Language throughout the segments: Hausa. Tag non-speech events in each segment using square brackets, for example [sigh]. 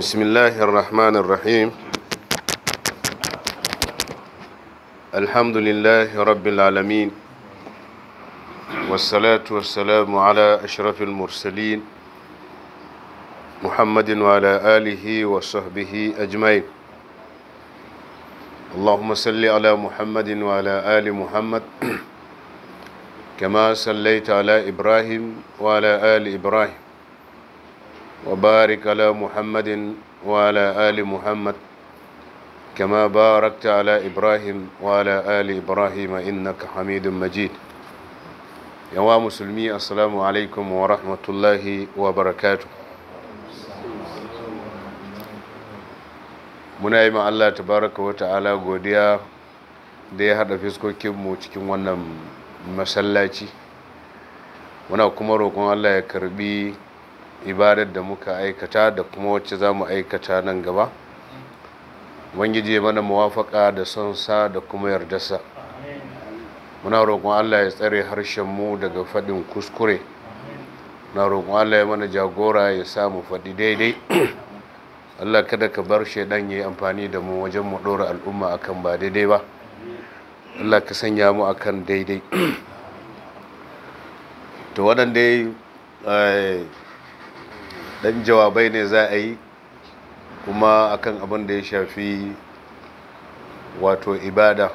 بسم الله الرحمن الرحيم الحمد لله رب العالمين والصلاة والسلام على أشرف المرسلين محمد وعلى آله وصحبه أجمعين اللهم صل على محمد وعلى آل محمد كما صليت على إبراهيم وعلى آل إبراهيم وبارك على محمد وعلى آل محمد كما باركت على إبراهيم وعلى آل إبراهيم إنك حميد مجيد يا مسلمي السلام عليكم ورحمة الله وبركاته muna yi ma Allah tabaraka wa ta'ala godiya da ya haɗa fiskokinmu cikin wannan masallaci muna kuma roƙon Allah ya karbi ibadar da muka aikata da kuma wacce za mu aikata nan gaba ubangiji mana mawafaka da son sa da kuma yardarsa muna roƙon Allah ya tsare harshen mu daga faɗin kuskure na roƙon Allah ya mana jagora ya sa mu faɗi daidai Allah kada ka bar shaidan ya yi amfani da mu wajen mu ɗora al'umma akan ba daidai ba Allah ka sanya mu akan daidai to waɗanda eh, ɗan jawabai ne za a yi kuma akan abin da ya shafi wato ibada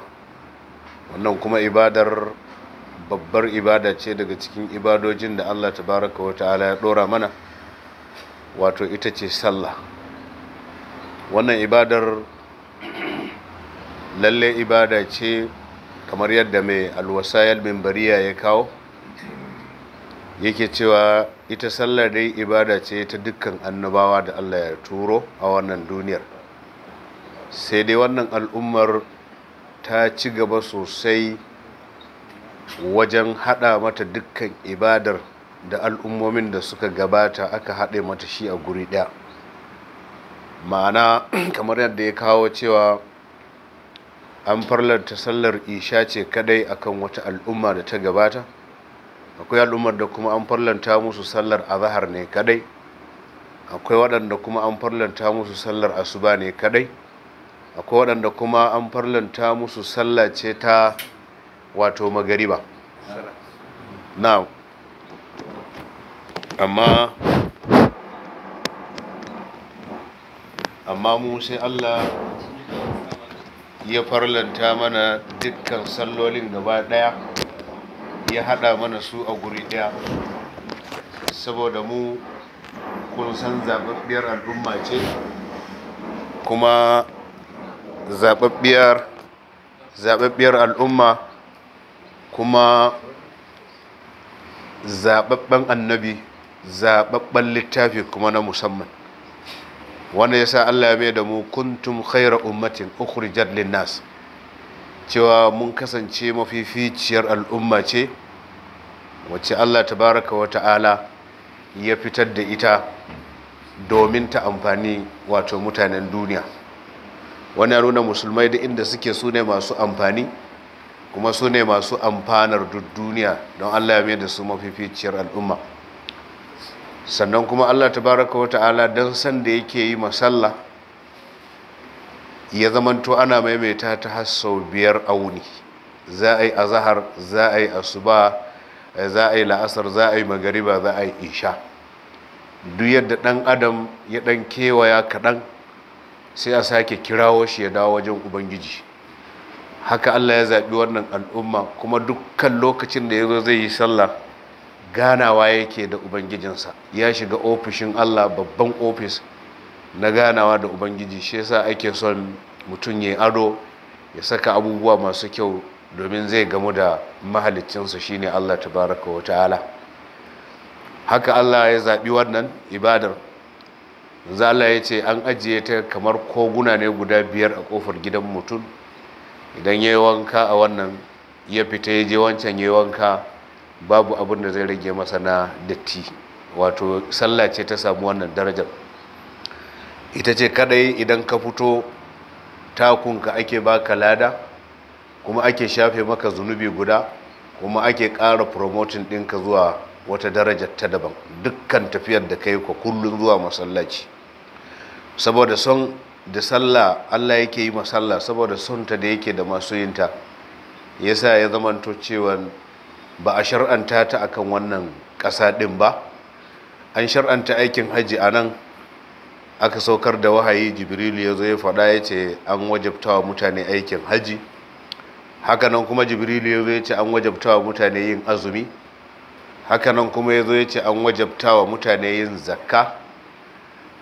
wannan kuma ibadar babbar ibada ce daga cikin ibadojin da Allah ta baraka wa ta'ala ya ɗora mana wato ita ce sallah wannan ibadar lalle ibada ce kamar yadda mai alwasayar mimbariya ya kawo yake cewa ita sallar dai ibada ce ta dukkan annabawa da allah ya turo a wannan duniyar sai dai wannan al'ummar ta ci gaba sosai wajen hada mata dukkan ibadar da al'ummomin da suka gabata aka haɗe mata shi a guri ɗaya ma'ana [clears throat] kamar yadda ya kawo cewa an farlanta sallar isha ce kadai akan wata al'umma da ta gabata akwai al'ummar da kuma an farlanta musu sallar azahar ne kadai akwai waɗanda kuma an farlanta musu sallar asuba ne kadai akwai waɗanda kuma an farlanta musu sallah ce ta wato magariba na amma amma mu sai allah ya farlanta mana dukkan sallolin gaba ɗaya ya haɗa mana su a guri ɗaya saboda mu kun san zaɓaɓɓiyar al'umma ce kuma zaɓaɓɓiyar zababbiyar al'umma kuma zaɓaɓɓen annabi zaɓaɓɓen littafi kuma na musamman wanda sa Allah ya mai da mu kuntum khaira ummatin ukhrijat linnas cewa mun kasance mafificiyar al'umma ce wacce Allah tabaraka wa ta'ala ya fitar da ita domin ta amfani wato mutanen duniya wani nuna musulmai da inda suke su ne masu amfani kuma su ne masu amfanar duk duniya don Allah ya mai da su mafificiyar al'umma sannan kuma Allah tabaraka wa ta'ala don sanda yake yi masalla ya zamanto ana maimaita ta hasau biyar auni. za a yi azahar za a yi asuba za a yi la'asar za a yi magariba za a yi isha duk yadda ɗan adam ya ɗan kewaya kaɗan sai a sake kirawo shi ya dawo wajen ubangiji haka Allah ya zaɓi wannan al'umma kuma dukkan lokacin da ya zo zai yi sallah ganawa yake da ubangijinsa ya shiga ofishin allah babban ofis na ganawa da ubangiji shi yasa ake son mutum ya ado ya saka abubuwa masu kyau domin zai gamu da mahalicinsa shine allah tabaraka wa ta'ala haka allah ya zaɓi wannan ibadar zala ya ce an ajiye ta kamar koguna ne guda biyar a kofar gidan mutum idan ya yi wanka a wannan ya fita ya je wancan ya yi wanka babu abin da zai rage masa na datti wato sallah ce ta samu wannan darajar ita ce kadai idan ka fito takunka ake baka lada kuma ake shafe maka zunubi guda kuma ake kara promoting dinka zuwa wata daraja ta daban dukkan tafiyar da kai ka kullun zuwa masallaci saboda son da sallah Allah yake yi masalla saboda son ta da yake da masu yinta yasa ya zamanto cewa ba a shar'anta ta akan wannan ƙasa ɗin ba an shar'anta aikin hajji a nan aka saukar da wahayi jibrilu ya zo ya faɗa ya ce an wajabta wa mutane aikin hajji hakanan kuma jibrilu ya zo ya ce an wajabta wa mutane yin azumi hakanan kuma ya zo ya ce an wajabta wa mutane yin zakka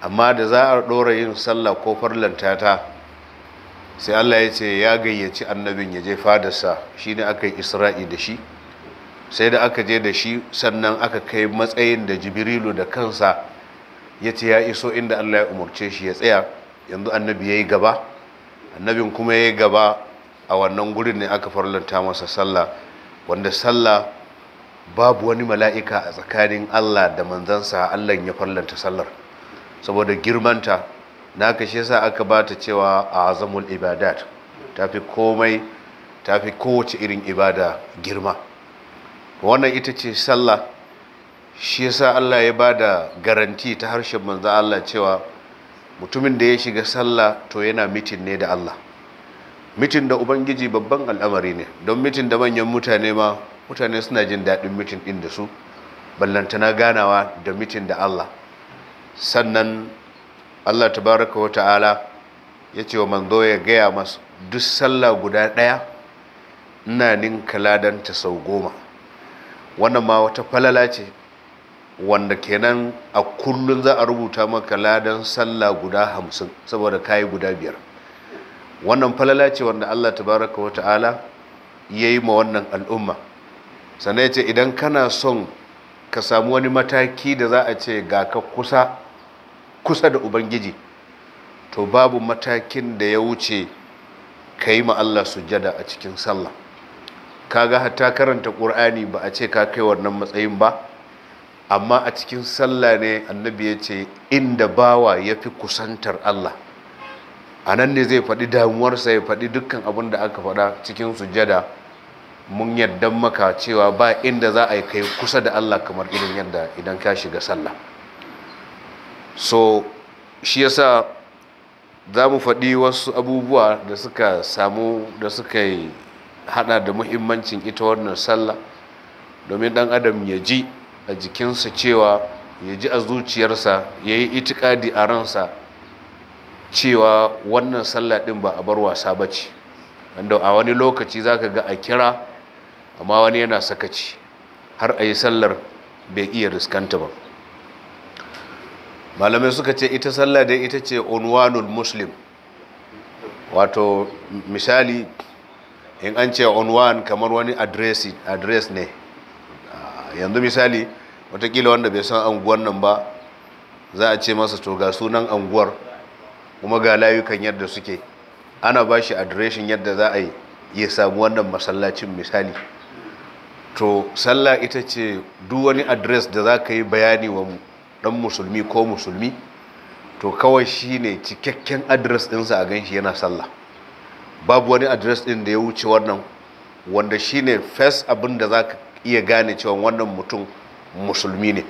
amma da za a ɗora yin sallah ko farlanta ta sai allah ya ce ya gayyaci annabin ya je fadarsa ne aka yi isra'i da shi sai da aka je da shi sannan aka kai matsayin da jibrilu da kansa ya ce ya iso inda allah ya umarce shi ya tsaya yanzu annabi ya yi gaba annabin kuma ya yi gaba a wannan gurin ne aka farlanta masa sallah wanda sallah babu wani mala'ika a tsakanin allah da manzansa allah ya farlanta sallar saboda girmanta na kashe sa aka ba ta cewa a azamul ibadat tafi komai tafi kowace irin ibada girma wannan ita ce sallah shi yasa Allah ya ba da garanti ta harshen manzo Allah cewa mutumin da ya shiga sallah to yana mitin ne da Allah mitin da ubangiji babban al'amari ne don mitin da manyan mutane ma mutane suna jin daɗin mitin ɗin da su ballantana ganawa da mitin da Allah sannan Allah tabaraka wa ta'ala ya ce wa manzo ya gaya masu duk sallah guda ɗaya ina ninka ladanta sau goma wannan ma wata falala ce wanda kenan a kullum za a rubuta maka ladan sallah guda hamsin saboda kayi guda biyar wannan falala ce wanda allah tabaraka wa ta'ala ya yi ma wannan al'umma sannan ya ce idan kana son ka samu wani mataki da za a ce ga ka kusa kusa da ubangiji to babu matakin da ya wuce ka yi ma allah sujada a cikin sallah kaga hatta karanta ƙur'ani ba a ce ka kai wannan matsayin ba amma a cikin sallah ne annabi ya ce inda bawa ya fi kusantar Allah a nan ne zai faɗi damuwarsa ya faɗi dukkan abin da aka faɗa cikin sujada mun yadda maka cewa ba inda za a yi kai kusa da Allah kamar irin yadda idan ka shiga sallah so shi yasa za mu faɗi wasu abubuwa da suka samu da suka hada da muhimmancin ita wannan sallah domin dan adam ya ji a jikinsa cewa ya ji a zuciyarsa ya yi itikadi a ransa cewa wannan sallah din ba a bar wasa ba ce wanda a wani lokaci za ka ga a kira amma wani yana sakaci har a yi sallar bai iya riskanta ba malamai suka ce ita sallah dai ita ce unwanul muslim wato misali in an ce on one kamar wani address ne ah, yanzu misali watakila wanda bai san anguwar nan ba za a ce masa to ga sunan anguwar kuma ga layukan yadda suke ana ba shi adireshin yadda za a yi ya samu wannan masallacin misali to sallah ita ce duk wani adres da za ka yi bayani wa ɗan musulmi ko musulmi to kawai shi ne cikakken adres ɗinsa a gan shi yana sallah babu wani address din da ya wuce wannan wanda shine first abin da za ka iya gane cewa wannan mutum musulmi ne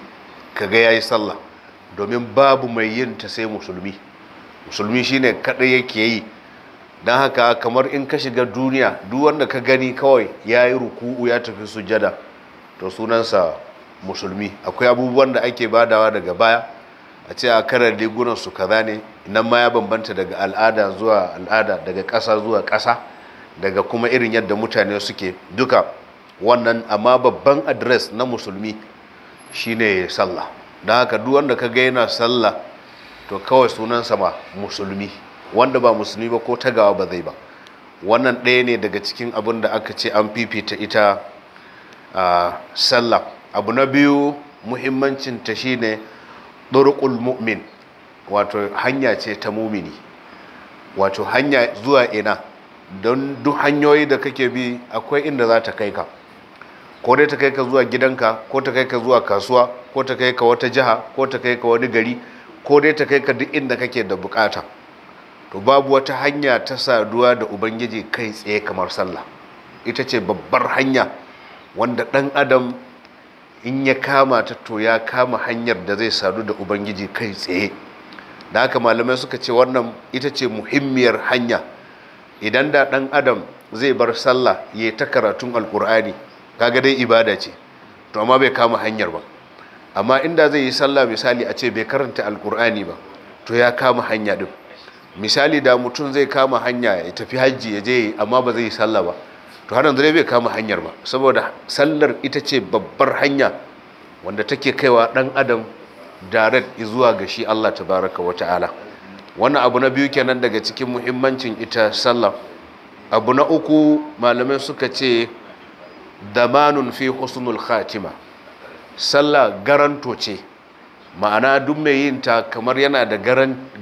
kaga ya yi sallah domin babu mai yin ta sai musulmi musulmi shine kaɗai yake yi don haka kamar in ka shiga duniya duk wanda ka gani kawai ya yi ruku'u ya tafi sujada to sunansa musulmi akwai abubuwan da ake badawa daga baya a ce a karar rigunan su kaza ne nan ma ya bambanta daga al'ada zuwa al'ada daga ƙasa zuwa kasa daga kuma irin yadda mutane suke duka wannan amma babban adres na musulmi shine sallah don haka duk wanda ka ga yana sallah to kawai sunan sama musulmi wanda ba musulmi ba ko tagawa ba zai ba wannan ɗaya ne daga cikin abin da aka ce an fifita ita ah, sallah abu na biyu muhimmancinta shine ne ɗorukul mu'min wato hanya ce ta mumini wato hanya zuwa ina don duk hanyoyi da kake bi akwai inda za ta kai ka ko dai ta kai ka zuwa gidanka ko ta kai ka zuwa kasuwa ko ta kai ka wata jiha ko ta kai ka wani gari ko dai ta kai ka duk inda kake da bukata to babu wata hanya ta saduwa da ubangiji kai tsaye kamar sallah ita ce babbar hanya wanda ɗan adam in ya kama ta to ya kama hanyar da zai sadu da ubangiji kai tsaye da haka malamai suka ce wannan ita ce muhimmiyar hanya idan da ɗan adam zai bar sallah ya ta karatun alkur'ani kaga dai ibada ce to amma bai kama hanyar ba amma inda zai yi sallah misali a ce bai karanta alkur'ani ba to ya kama hanya din misali da mutum zai kama hanya ya tafi hajji ya je amma ba zai yi sallah ba to har zai bai kama hanyar ba saboda sallar ita ce babbar hanya wanda take kaiwa dan adam direct zuwa ga shi Allah tabaraka wa ta'ala wannan abu na biyu kenan daga cikin muhimmancin ita sallar; abu na uku malamai suka ce damanun fi husnul khatima sallah garanto ce ma'ana duk mai yin ta kamar yana da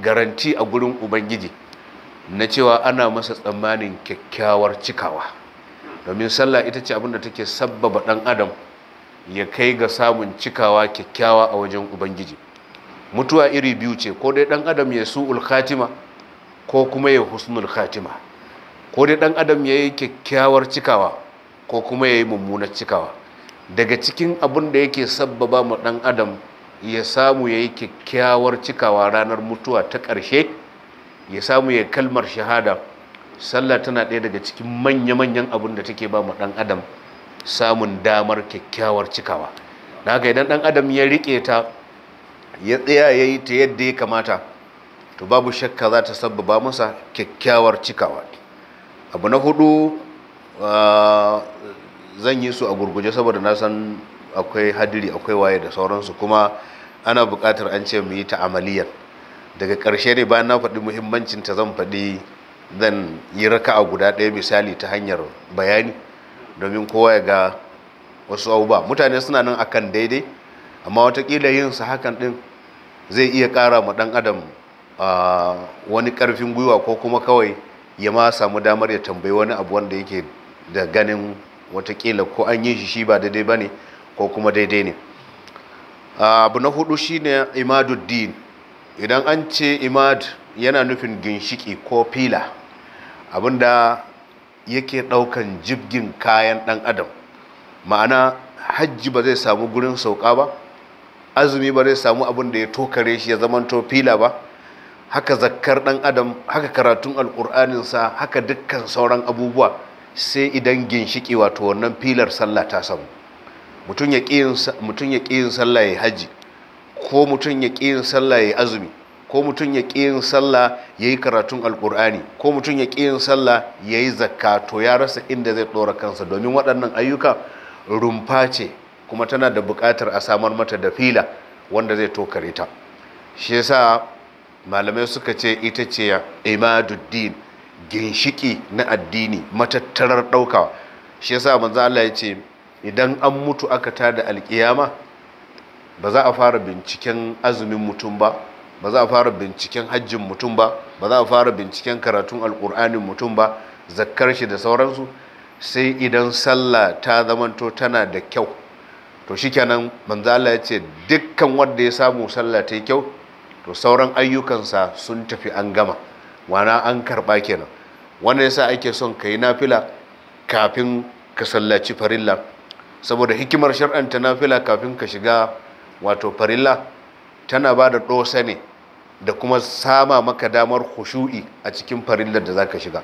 garanti a gurin ubangiji na cewa ana masa tsammanin kyakkyawar cikawa domin sallah ita ce abinda take sabbaba dan adam ya kai ga samun cikawa kyakkyawa a wajen ubangiji mutuwa iri biyu ce ko dai dan adam ya su'ul khatima ko kuma ya husnul khatima ko dai dan adam ya yi kyakkyawar cikawa ko kuma ya yi mummunar cikawa daga cikin abin da yake sabbaba ma dan adam ya samu ya yi kyakkyawar cikawa ranar mutuwa ta ƙarshe ya samu ya kalmar shahada sallah tana ɗaya daga cikin manya-manyan abun da take ba mu ɗan adam samun damar kyakkyawar cikawa da haka idan ɗan adam ya riƙe ta ya tsaya ya yi ta yadda ya kamata to babu shakka za ta sabbaba masa kyakkyawar cikawa abu na hudu zan yi su a gurguje saboda na san akwai hadiri akwai waye da sauransu kuma ana buƙatar an ce mu yi ta amaliyar daga ƙarshe ne bayan na faɗi muhimmancinta zan faɗi zan yi raka'a guda ɗaya misali ta hanyar bayani domin kowa ya ga wasu abubuwa mutane suna nan akan daidai amma watakila yin su hakan ɗin zai iya ƙara ma ɗan adam wani ƙarfin gwiwa ko kuma kawai ya ma samu damar ya tambayi wani abu wanda yake da ganin watakila ko an yi shi shi ba daidai ba ne ko kuma daidai ne abu na hudu shi ne Imadu imaduddin idan an ce Imadu yana nufin ginshiki ko fila abinda yake ɗaukan jibgin kayan ɗan adam ma'ana hajji ba zai samu gurin sauka ba azumi ba zai samu abin da ya tokare shi ya zamanto fila ba haka zakkar ɗan adam haka karatun alkur'aninsa haka dukkan sauran abubuwa sai idan ginshiki wato wannan filar sallah ta samu mutum ya ƙi yin sallah ya hajji ko mutum ya ƙi yin sallah ya azumi ko mutum ya ƙi yin sallah ya yi karatun alƙur'ani ko mutum ya ƙi yin sallah ya yi zakka to ya rasa inda zai ɗora kansa domin waɗannan ayyuka rumfa ce kuma tana da buƙatar a samar mata da fila wanda zai tokare ta shi yasa malamai suka ce ita ce ya imaduddin ginshiki na addini matattarar ɗaukawa shi yasa manzo Allah ya ce idan an mutu aka tada alƙiyama ba za a fara binciken azumin mutum ba ba za a fara binciken hajjin mutum ba ba za a fara binciken karatun alƙur'anin mutum ba zakkar shi da sauransu sai idan sallah ta zamanto tana da kyau to shikenan manzo Allah ya ce dukkan wanda ya samu sallah ta yi kyau to sauran ayyukansa sun tafi an gama wana an karba kenan wannan yasa ake son ka yi nafila kafin ka sallaci farilla saboda hikimar shar'anta nafila kafin ka shiga wato farilla tana ba da ɗosa ne da kuma sama maka damar khushu'i a cikin farillar da zaka shiga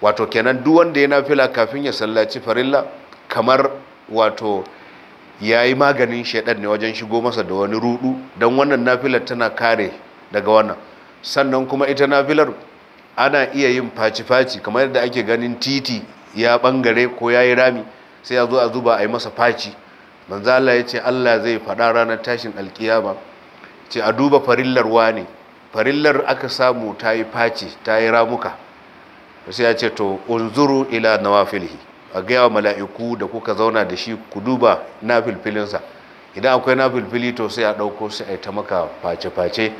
wato kenan duk wanda ya nafila kafin ya sallaci farilla kamar wato ya yi maganin shaidan ne wajen shigo masa da wani rudu don wannan nafilar tana kare daga wannan sannan kuma ita nafilar ana iya yin faci-faci kamar yadda ake ganin titi ya bangare ko ya yi rami sai ya zo a zuba a yi masa faci manzala ya ce allah zai faɗa ranar tashin alkiyama ce a duba farillar wani farillar aka samu ta yi faci ta yi ramuka sai ya ce to unzuru ila nawafilhi a gaya wa mala'iku da kuka zauna da shi ku duba na filfilinsa idan akwai na filfili to sai a ɗauko sai a yi ta maka face-face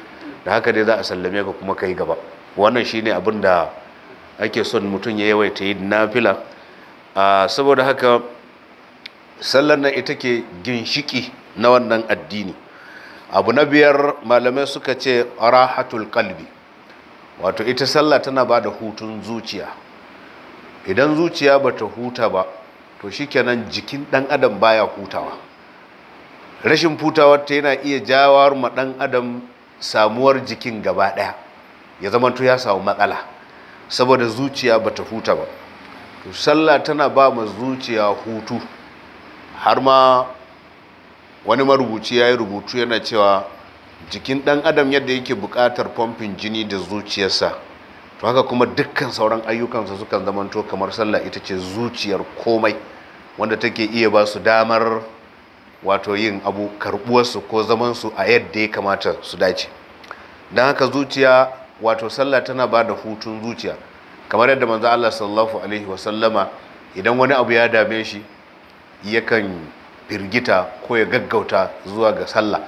da haka dai za a sallame ka kuma kai gaba wannan ne abin da ake son mutum ya yawaita yi na fila saboda haka sallar na ita ke ginshiki na wannan addini abu na biyar malamai suka ce rahatul kalbi wato ita sallah tana ba da hutun zuciya idan zuciya ba ta huta ba to shikenan jikin dan adam baya hutawa rashin hutawa ta yana iya jawar ma dan adam samuwar jikin gaba daya ya to ya samu matsala saboda zuciya ba ta huta ba to sallah tana ba ma zuciya hutu har ma wani marubuci ya yi rubutu yana cewa jikin ɗan adam yadda yake buƙatar fomfin jini da zuciyarsa to haka kuma dukkan sauran ayyukansa sukan zamanto kamar sallah ita ce zuciyar komai wanda take iya ba su damar wato yin abu karɓuwarsu ko zamansu a yadda ya kamata su dace don haka zuciya wato sallah tana ba da hutun zuciya kamar yadda manzo Allah sallallahu alaihi wasallama idan wani abu ya dame shi yakan firgita ko ya gaggauta zuwa ga sallah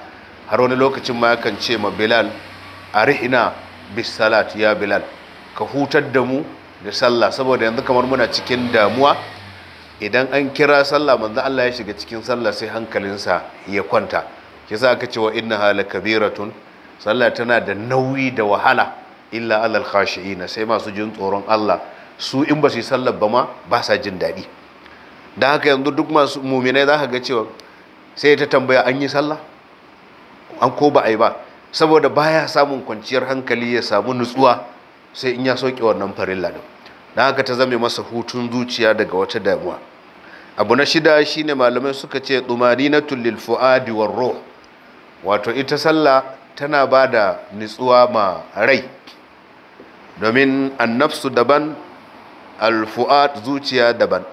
har wani lokacin ma yakan ce ma bilal a bis salat ya bilal ka hutar da mu da sallah saboda yanzu kamar muna cikin damuwa idan an kira sallah manzo Allah ya shiga cikin sallah sai hankalinsa ya kwanta kisa aka ce wa inna hala kabiratun sallah tana da nauyi da wahala illa alal khashi'ina sai masu jin tsoron Allah su in ba su yi sallah ba ma ba sa jin daɗi da haka yanzu duk masu muminai za ka ga cewa sai ta tambaya an yi sallah an ko ba a yi ba saboda baya samun kwanciyar hankali ya samu nutsuwa sai in ya soke wannan farin din da haka ta zame masa hutun zuciya daga wata damuwa abu na shida shine malamai suka ce na lil fuadi war ruh wato ita sallah tana ba da nutsuwa ma rai domin annafsu daban alfu'ad zuciya daban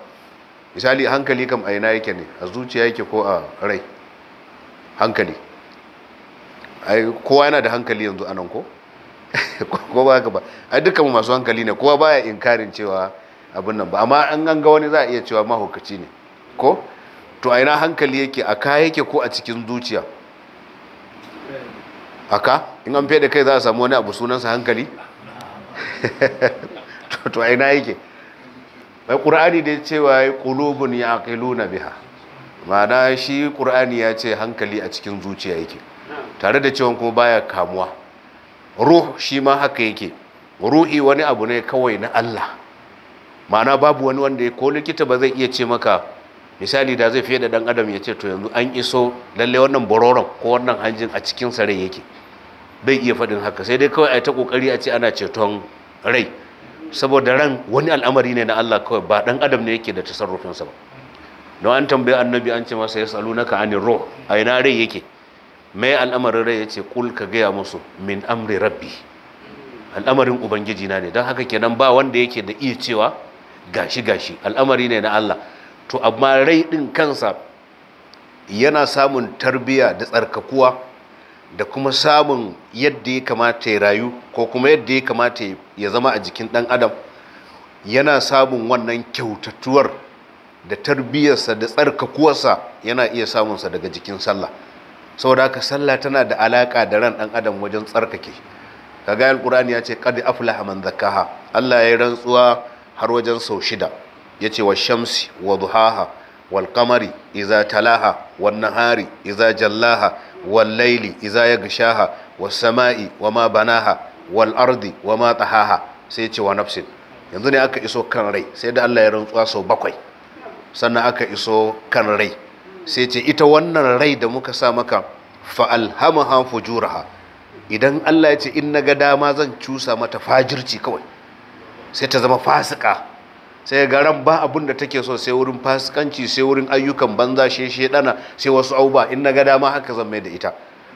misali hankali kam a yana yake ne a zuciya yake ko a rai hankali kowa yana da hankali yanzu anan ko [laughs] ko ba haka ba a dukkan masu hankali ne kowa baya inkarin cewa abin nan ba amma an an ga wani za a iya cewa mahaukaci ne ko to a ina hankali yake a ka yake ko a cikin zuciya haka in an da kai za a samu wani abu sunansa hankali [laughs] to a ina yake bai ƙur'ani da cewa ya ƙulubun ya aƙiluna biha ma'ana shi ƙur'ani ya ce hankali a cikin zuciya yake tare da cewa kuma baya kamuwa ruh shi ma haka yake ruhi wani abu ne kawai na Allah ma'ana babu wani wanda ya ko likita ba zai iya ce maka misali da zai fiye da dan adam ya ce to yanzu an iso lalle wannan bororon ko wannan hanjin a cikin sa rai yake bai iya faɗin haka sai dai kawai a ta ƙoƙari a ce ana ceton rai saboda ran wani al'amari ne na Allah kawai ba dan adam ne yake da tasarrufinsa ba don an tambayi annabi an ce masa ya salu naka ani ro a ina rai yake mai al'amarin rai yace kul ka gaya musu min amri rabbi al'amarin ubangiji na ne don haka kenan ba wanda yake da iya cewa gashi gashi al'amari ne na Allah to amma rai din kansa yana samun tarbiya da tsarkakuwa da kuma samun yadda ya kamata ya rayu ko kuma yadda ya kamata ya zama a jikin ɗan adam yana samun wannan kyautatuwar da tarbiyyarsa da tsarkakuwarsa yana iya samunsa daga jikin sallah saboda haka sallah tana da alaƙa da ran ɗan adam wajen tsarkake kaga ƙur'ani ya ce qad aflaha man zakkaha Allah ya yi rantsuwa har wajen sau shida yace wa shamsi wa duhaha wal qamari iza talaha wan nahari iza jallaha wallaili iza ya gishaha wasama'i wa ma banaha wal ardi wa ma tahaha sai ce wa nafsin yanzu ne aka iso kan rai sai da Allah ya rantsuwa sau bakwai sannan aka iso kan rai sai ce ita wannan rai da muka sa maka fa alhamaha fujuraha idan Allah ya ce in naga dama zan cusa mata fajirci kawai sai ta zama fasika sai garan ba abin da take so sai wurin fasikanci sai wurin ayyukan banza she dana sai wasu auba in na ga dama haka zan mai da ita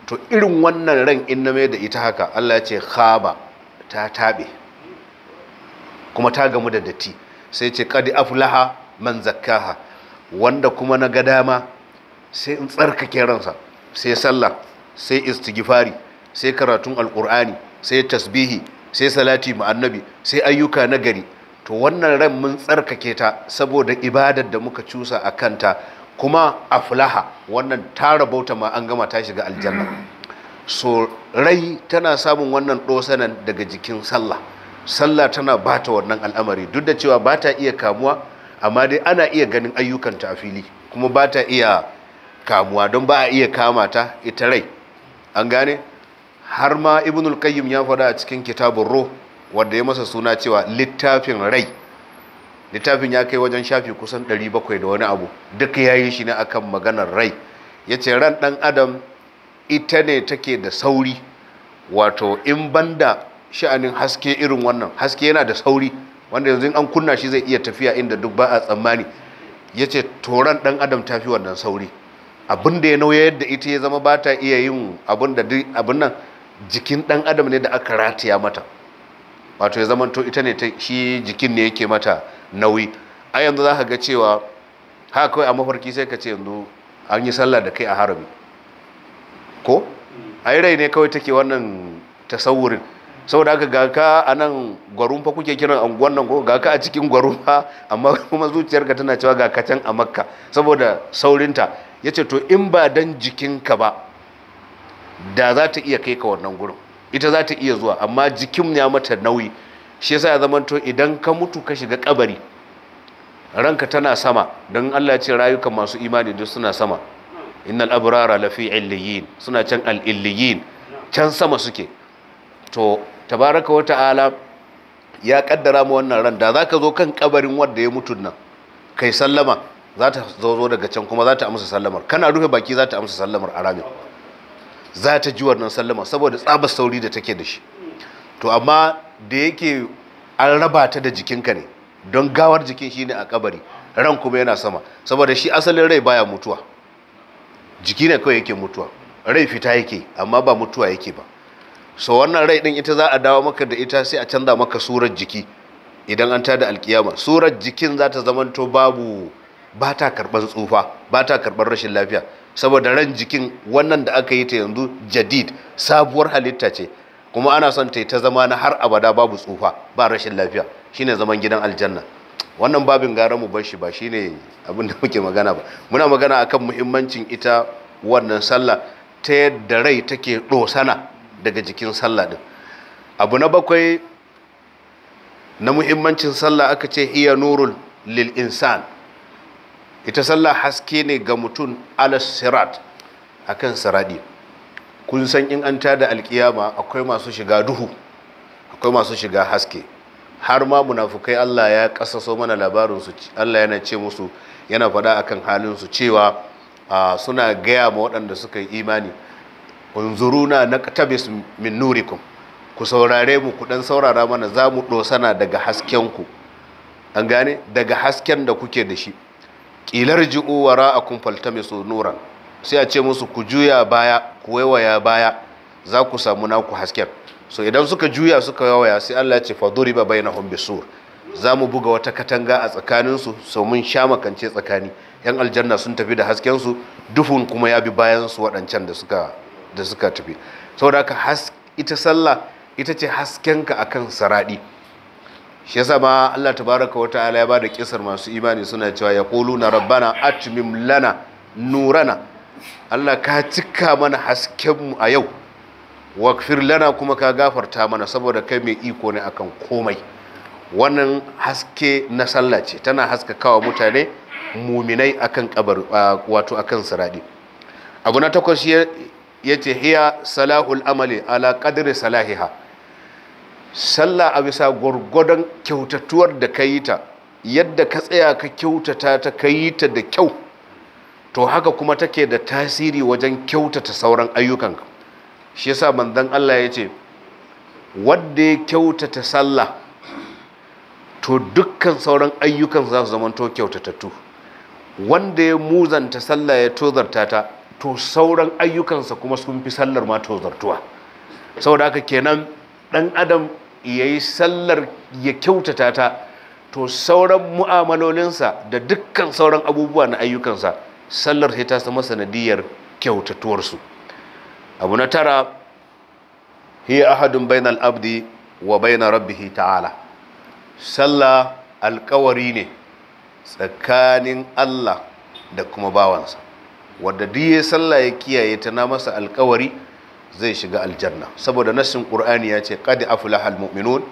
to irin wannan ran in na mai da ita haka Allah ya ce khaba ta tabe kuma ta gamu da datti sai ce qad aflaha man zakkaha wanda kuma na ga dama sai in tsarkake ransa sai sallah sai istighfari sai karatun alqur'ani sai tasbihi sai salati ma annabi sai ayyuka na gari to wannan ran mun tsarkake ta saboda ibadar da muka cusa a kanta kuma a fulaha wannan ta rabauta ma an gama ta shiga aljanna so rai tana samun wannan ɗosanan daga jikin sallah sallah tana bata wannan al'amari duk da cewa bata iya kamuwa amma dai ana iya ganin ayyukanta a fili kuma bata iya kamuwa don ba a iya kama ta ita rai an gane har ma ibnul qayyim ya faɗa a cikin kitabun ruh wanda ya masa suna cewa littafin rai littafin ya kai wajen shafi kusan 700 da wani abu duka ya yi shi ne akan maganar rai ya ce ran ɗan adam ita ne take da sauri wato in banda sha'anin haske irin wannan haske yana da sauri wanda yanzu an kunna shi zai iya tafiya inda duk ba a tsammani ya ce ran ɗan adam ta fi wannan sauri abin da ya nauya yadda ita ya zama ba ta iya yin abin da nan jikin ɗan adam ne da aka rataya mata wato ya zamanto ita ne ta shi jikin ne yake mata nauyi a yanzu za ka ga cewa haka kawai a mafarki sai ka ce yanzu an yi sallah da kai a harami ko a yi rai ne kawai take wannan tasawurin saboda aka ga a nan gwarun fa kuke kiran anguwan ko ga a cikin gwarun fa amma [laughs] kuma zuciyarka tana cewa ga ka a makka saboda saurinta ya ce to in ba dan jikinka ba da za ta iya kai ka wannan gurin ita za ta iya zuwa amma jikin ya mata nauyi shi yasa ya zamanto idan ka mutu ka shiga kabari ranka tana sama don Allah ce rayukan masu imani duk suna sama innal abrara lafi illiyin suna can al can sama suke to tabaraka wa ta'ala ya kaddara mu wannan ran da zaka zo kan kabarin wanda ya mutu nan kai sallama za ta zo daga can kuma za ta amsa sallamar kana rufe baki za ta amsa sallamar a ramin za ta ji wannan sallama saboda tsabar sauri da take da shi to amma da yake an raba ta da jikinka ne don gawar jikin shi ne a kabari ran kuma yana sama saboda shi asalin rai baya mutuwa jiki ne kawai yake mutuwa rai fita yake amma ba mutuwa yake ba so wannan rai din ita za a dawo maka da ita sai a canza maka surar jiki idan an tada alkiyama surar jikin za ta zamanto babu ba ta karɓar tsufa ba ta karɓar rashin lafiya saboda ran jikin wannan da aka yi ta yanzu jadid sabuwar halitta ce kuma ana son ta yi ta zama na har abada babu tsufa ba rashin lafiya shine zaman gidan aljanna wannan babin gara mu bar shi ba shine abin da muke magana ba muna magana akan muhimmancin ita wannan sallah ta yadda rai take dosana daga jikin sallah din abu na bakwai na muhimmancin sallah aka ce iya nurul lil insan ita sallah haske ne ga mutum ala sirat akan saradi kun san in an tada alkiyama akwai masu shiga duhu akwai masu shiga haske har ma munafukai Allah ya kasaso mana labarin su Allah yana ce musu yana faɗa akan halin su cewa suna gaya ma waɗanda suka yi imani unzuruna katabis min nurikum ku saurare mu ku dan saurara mana za mu dosana daga hasken ku an gane daga hasken da kuke da shi ƙilar ji'o wa ra'akun faltamisu nuran sai a ce musu ku juya baya ku waiwaya baya za ku samu naku hasken so idan suka juya suka waiwaya sai Allah ya ce bai na bainahum bisur za mu buga wata katanga a tsakaninsu sau mun sha makance tsakani yan aljanna sun tafi da haskensu duhun kuma ya bi bayansu waɗancan da suka tafi saboda haka ita sallah ita ce haskenka akan saradi. shi yasa ma Allah tabaraka wa ta'ala ya bada kisar masu imani suna cewa ya na rabbana atmim lana nurana Allah ka cika mana haskenmu a yau wakfir lana kuma ka gafarta mana saboda kai mai iko ne akan komai wannan haske na sallah ce tana haskakawa mutane muminai akan kabar wato akan siradi abu na takwas ya ce hiya salahul amali ala qadri salahiha sallah a bisa gwargwadon kyautatuwar da ka yi ta yadda ka tsaya ka kyautata ta ka yi ta da kyau to haka kuma take da tasiri wajen kyautata sauran ayyukan. shi yasa manzon Allah ya ce wanda ya kyautata sallah to dukkan sauran ayyukan za su zama to kyautatattu wanda ya muzanta sallah ya tozarta ta to sauran ayyukansa kuma sun fi sallar ma tozartuwa saboda haka kenan ɗan adam ya yi sallar ya kyautata ta to sauran mu'amalolinsa da dukkan sauran abubuwa na ayyukansa sallar sai ta sama sanadiyar kyautatuwarsu abu na tara hiya ahadun bainal abdi wa bainar rabbihi ta'ala sallah alkawari ne tsakanin Allah da kuma bawansa wadda duk ya sallah ya kiyaye ta na masa alkawari زي شجع الجنة سبب nassin القرآن يأتي قد أفلح المؤمنون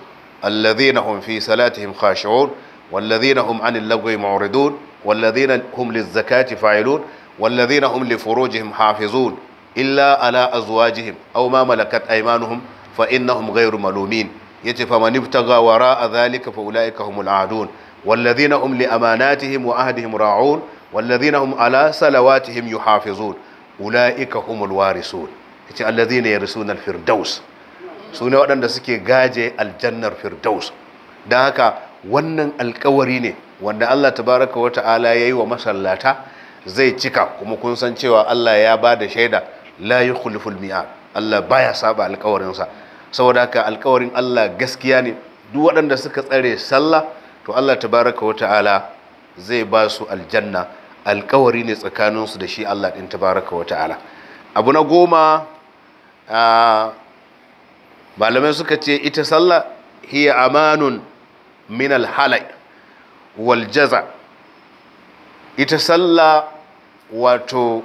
الذين هم في صلاتهم خاشعون والذين هم عن اللغو معرضون والذين هم للزكاة فاعلون والذين هم لفروجهم حافظون إلا على أزواجهم أو ما ملكت أيمانهم فإنهم غير ملومين يأتي فمن ابتغى وراء ذلك فأولئك هم العادون والذين هم لأماناتهم وعهدهم راعون والذين هم على صلواتهم يحافظون أولئك هم الوارثون ya ce allazi ne ya na firdaus su ne waɗanda suke gaje aljannar firdaus don haka wannan alkawari ne wanda allah tabaraka wa ta'ala ya yi wa masallata zai cika kuma kun san cewa allah ya ba da shaida la yi mi'a allah baya saba alkawarinsa saboda haka alkawarin allah gaskiya ne duk waɗanda suka tsare sallah to allah tabaraka wa ta'ala zai ba su aljanna alkawari ne tsakaninsu da shi allah ɗin tabaraka wa ta'ala abu na goma malamai suka ce ita sallah hiya amanun min alhalai wal jaza ita sallah wato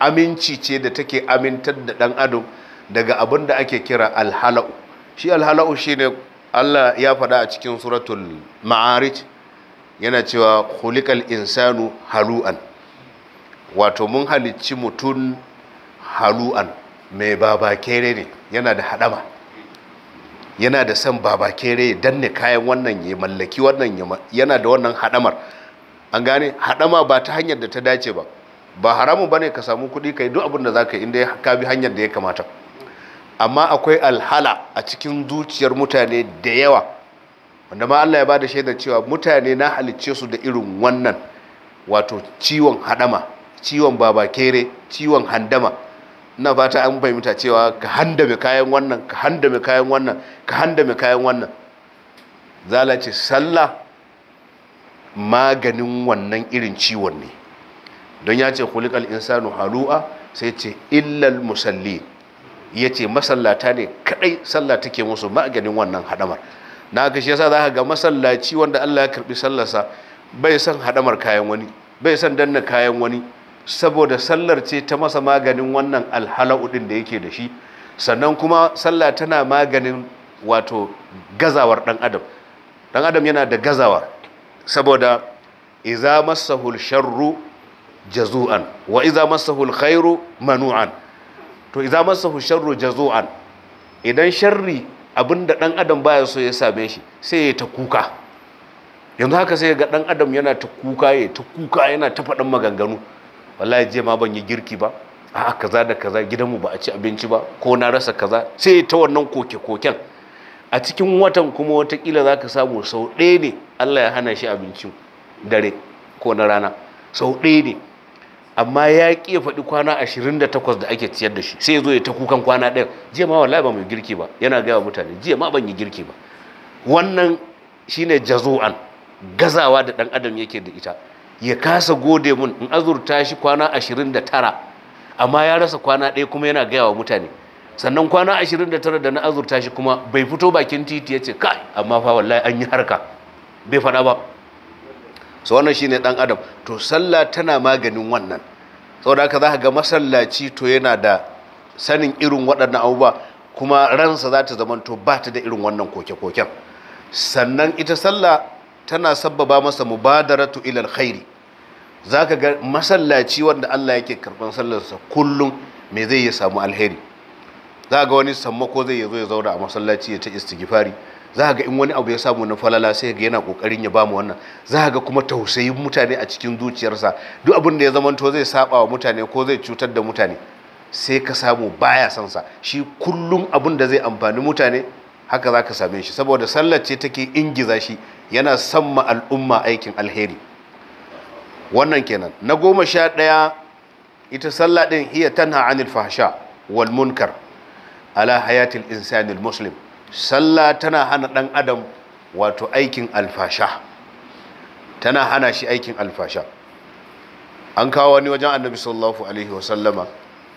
aminci ce da take amintar da ɗan adam daga abin da ake kira alhala'u shi alhala'u shine Allah ya faɗa a cikin suratul ma'arij yana cewa khuliqal insanu halu'an wato mun halicci mutum halu'an mai baba kere ne yana da hadama, yana da san baba kere ya danne kayan wannan ya mallaki wannan yana da wannan hadamar. an gane Hadama ba ta hanyar da ta dace ba ba haramun ba ne ka samu kuɗi ka yi duk abin da za ka yi inda ka bi hanyar da ya kamata amma akwai alhala a cikin zuciyar mutane da yawa wanda ma Allah ya bada da shaidar cewa mutane na halicce su da irin wannan wato ciwon hadama, ciwon babakere ciwon handama na fata an fahimta cewa ka handame kayan wannan ka handame kayan wannan ka handame kayan wannan zala ce sallah maganin wannan irin ciwon ne don ya ce kulikal insanu halu'a sai ce illal musalli ya ce masallata ne kadai sallah take musu maganin wannan hadamar na haka shi yasa za ka ga masallaci wanda Allah ya karbi sallarsa bai san hadamar kayan wani bai san danna kayan wani saboda sallar ce ta masa maganin wannan alhala'u da yake da shi sannan kuma sallah tana maganin wato gazawar ɗan adam Dan adam yana da gazawa saboda iza masahul sharru jazu'an wa iza masahul khairu manu'an to iza masahul sharru jazu'an idan sharri abinda dan adam baya so ya same shi sai ya ta kuka yanzu haka sai ga dan adam yana ta kuka ya ta kuka yana ta faɗin maganganu wallahi jiya ma ban yi girki ba a kaza da kaza gidanmu ba a ci abinci ba ko na rasa kaza sai ta wannan koke-koken a cikin watan kuma watakila za ka samu sau ɗaya ne allah ya hana shi abincin dare ko na rana sau ɗaya ne amma ya ƙi ya faɗi kwana ashirin da da ake ciyar da shi sai ya zo ya ta kukan kwana ɗaya jiya ma wallahi ba mai girki ba yana gaya wa mutane jiya ma ban yi girki ba wannan shine jazo'an gazawa da ɗan adam yake da ita ya kasa gode mun in azurta shi kwana 29 amma ya rasa kwana ɗaya kuma yana gaya wa mutane sannan kwana 29 da na azurta shi kuma bai fito bakin titi ya ce kai amma fa wallahi an yi harka bai faɗa ba so wannan shine dan adam to sallah tana maganin wannan saboda haka za ka ga masallaci to yana da sanin irin waɗannan abubuwa kuma ransa za ta zamanto ba ta da irin wannan koke-koken sannan ita sallah tana sabbaba masa mubadaratu ilal khairi ka ga masallaci wanda Allah yake karban sallarsa kullum me zai ya samu alheri za ga wani sammako zai zo ya zauna a masallaci ya ta istighfari za ga in wani abu ya samu na falala sai ga yana kokarin ya bamu wannan za ga kuma tausayin mutane a cikin zuciyarsa duk abin da ya zamanto zai saba wa mutane ko zai cutar da mutane sai ka samu baya son sa shi kullum abin da zai amfani mutane haka za ka same shi saboda sallar ce take ingiza shi yana son ma al'umma aikin alheri wannan kenan na goma sha ɗaya ita sallah ɗin hiya tana anil fahsha wal munkar ala hayatil insanil muslim sallah tana hana ɗan adam wato aikin alfasha tana hana shi aikin alfasha an kawo wani wajen annabi sallallahu alaihi wasallama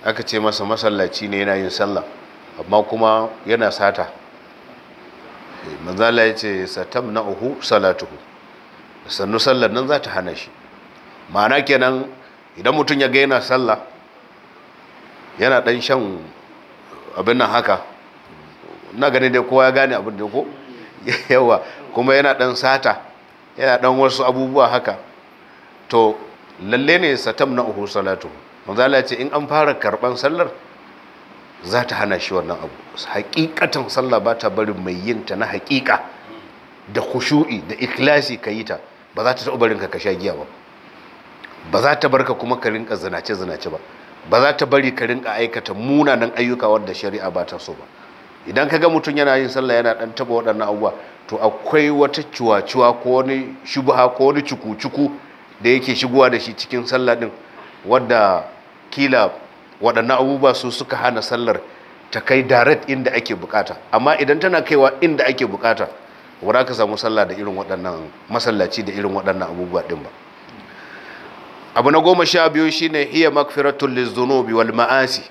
aka ce masa masallaci ne yana yin sallah amma kuma yana sata Eh, manzala ya ce satam na uhu salatuhu sannu sallar nan za ta hana shi ma'ana kenan idan mutum ya ga yana sallah yana dan shan abin nan haka na gani dai kowa ya gane abin da ko [laughs] yawa kuma yana dan sata yana dan wasu abubuwa haka to lalle ne satam na uhu salatuhu manzala ya ce in an fara karban sallar za ta hana shi wannan abu hakikatan sallah ba ta barin mai yin ta na haƙiƙa da khushu'i da ikhlasi ka yi ta ba za ta taɓa barin ka giya ba ba za ta barka kuma ka rinka zinace zinace ba ba za ta bari ka rinka aikata munanan ayyuka wanda shari'a ba ta so ba idan ka ga mutum yana yin sallah yana ɗan taɓa waɗannan abubuwa to akwai wata ciwaciwa ko wani shubha ko wani cuku-cuku da yake shigowa da shi cikin sallah din wadda kila waɗannan abubuwa su suka hana sallar ta kai direct inda ake bukata amma idan tana kaiwa inda ake bukata za ka samu sallah da irin waɗannan masallaci da irin waɗannan abubuwa ɗin ba abu na goma sha biyu shine hiya makfiratul lizunubi wal ma'asi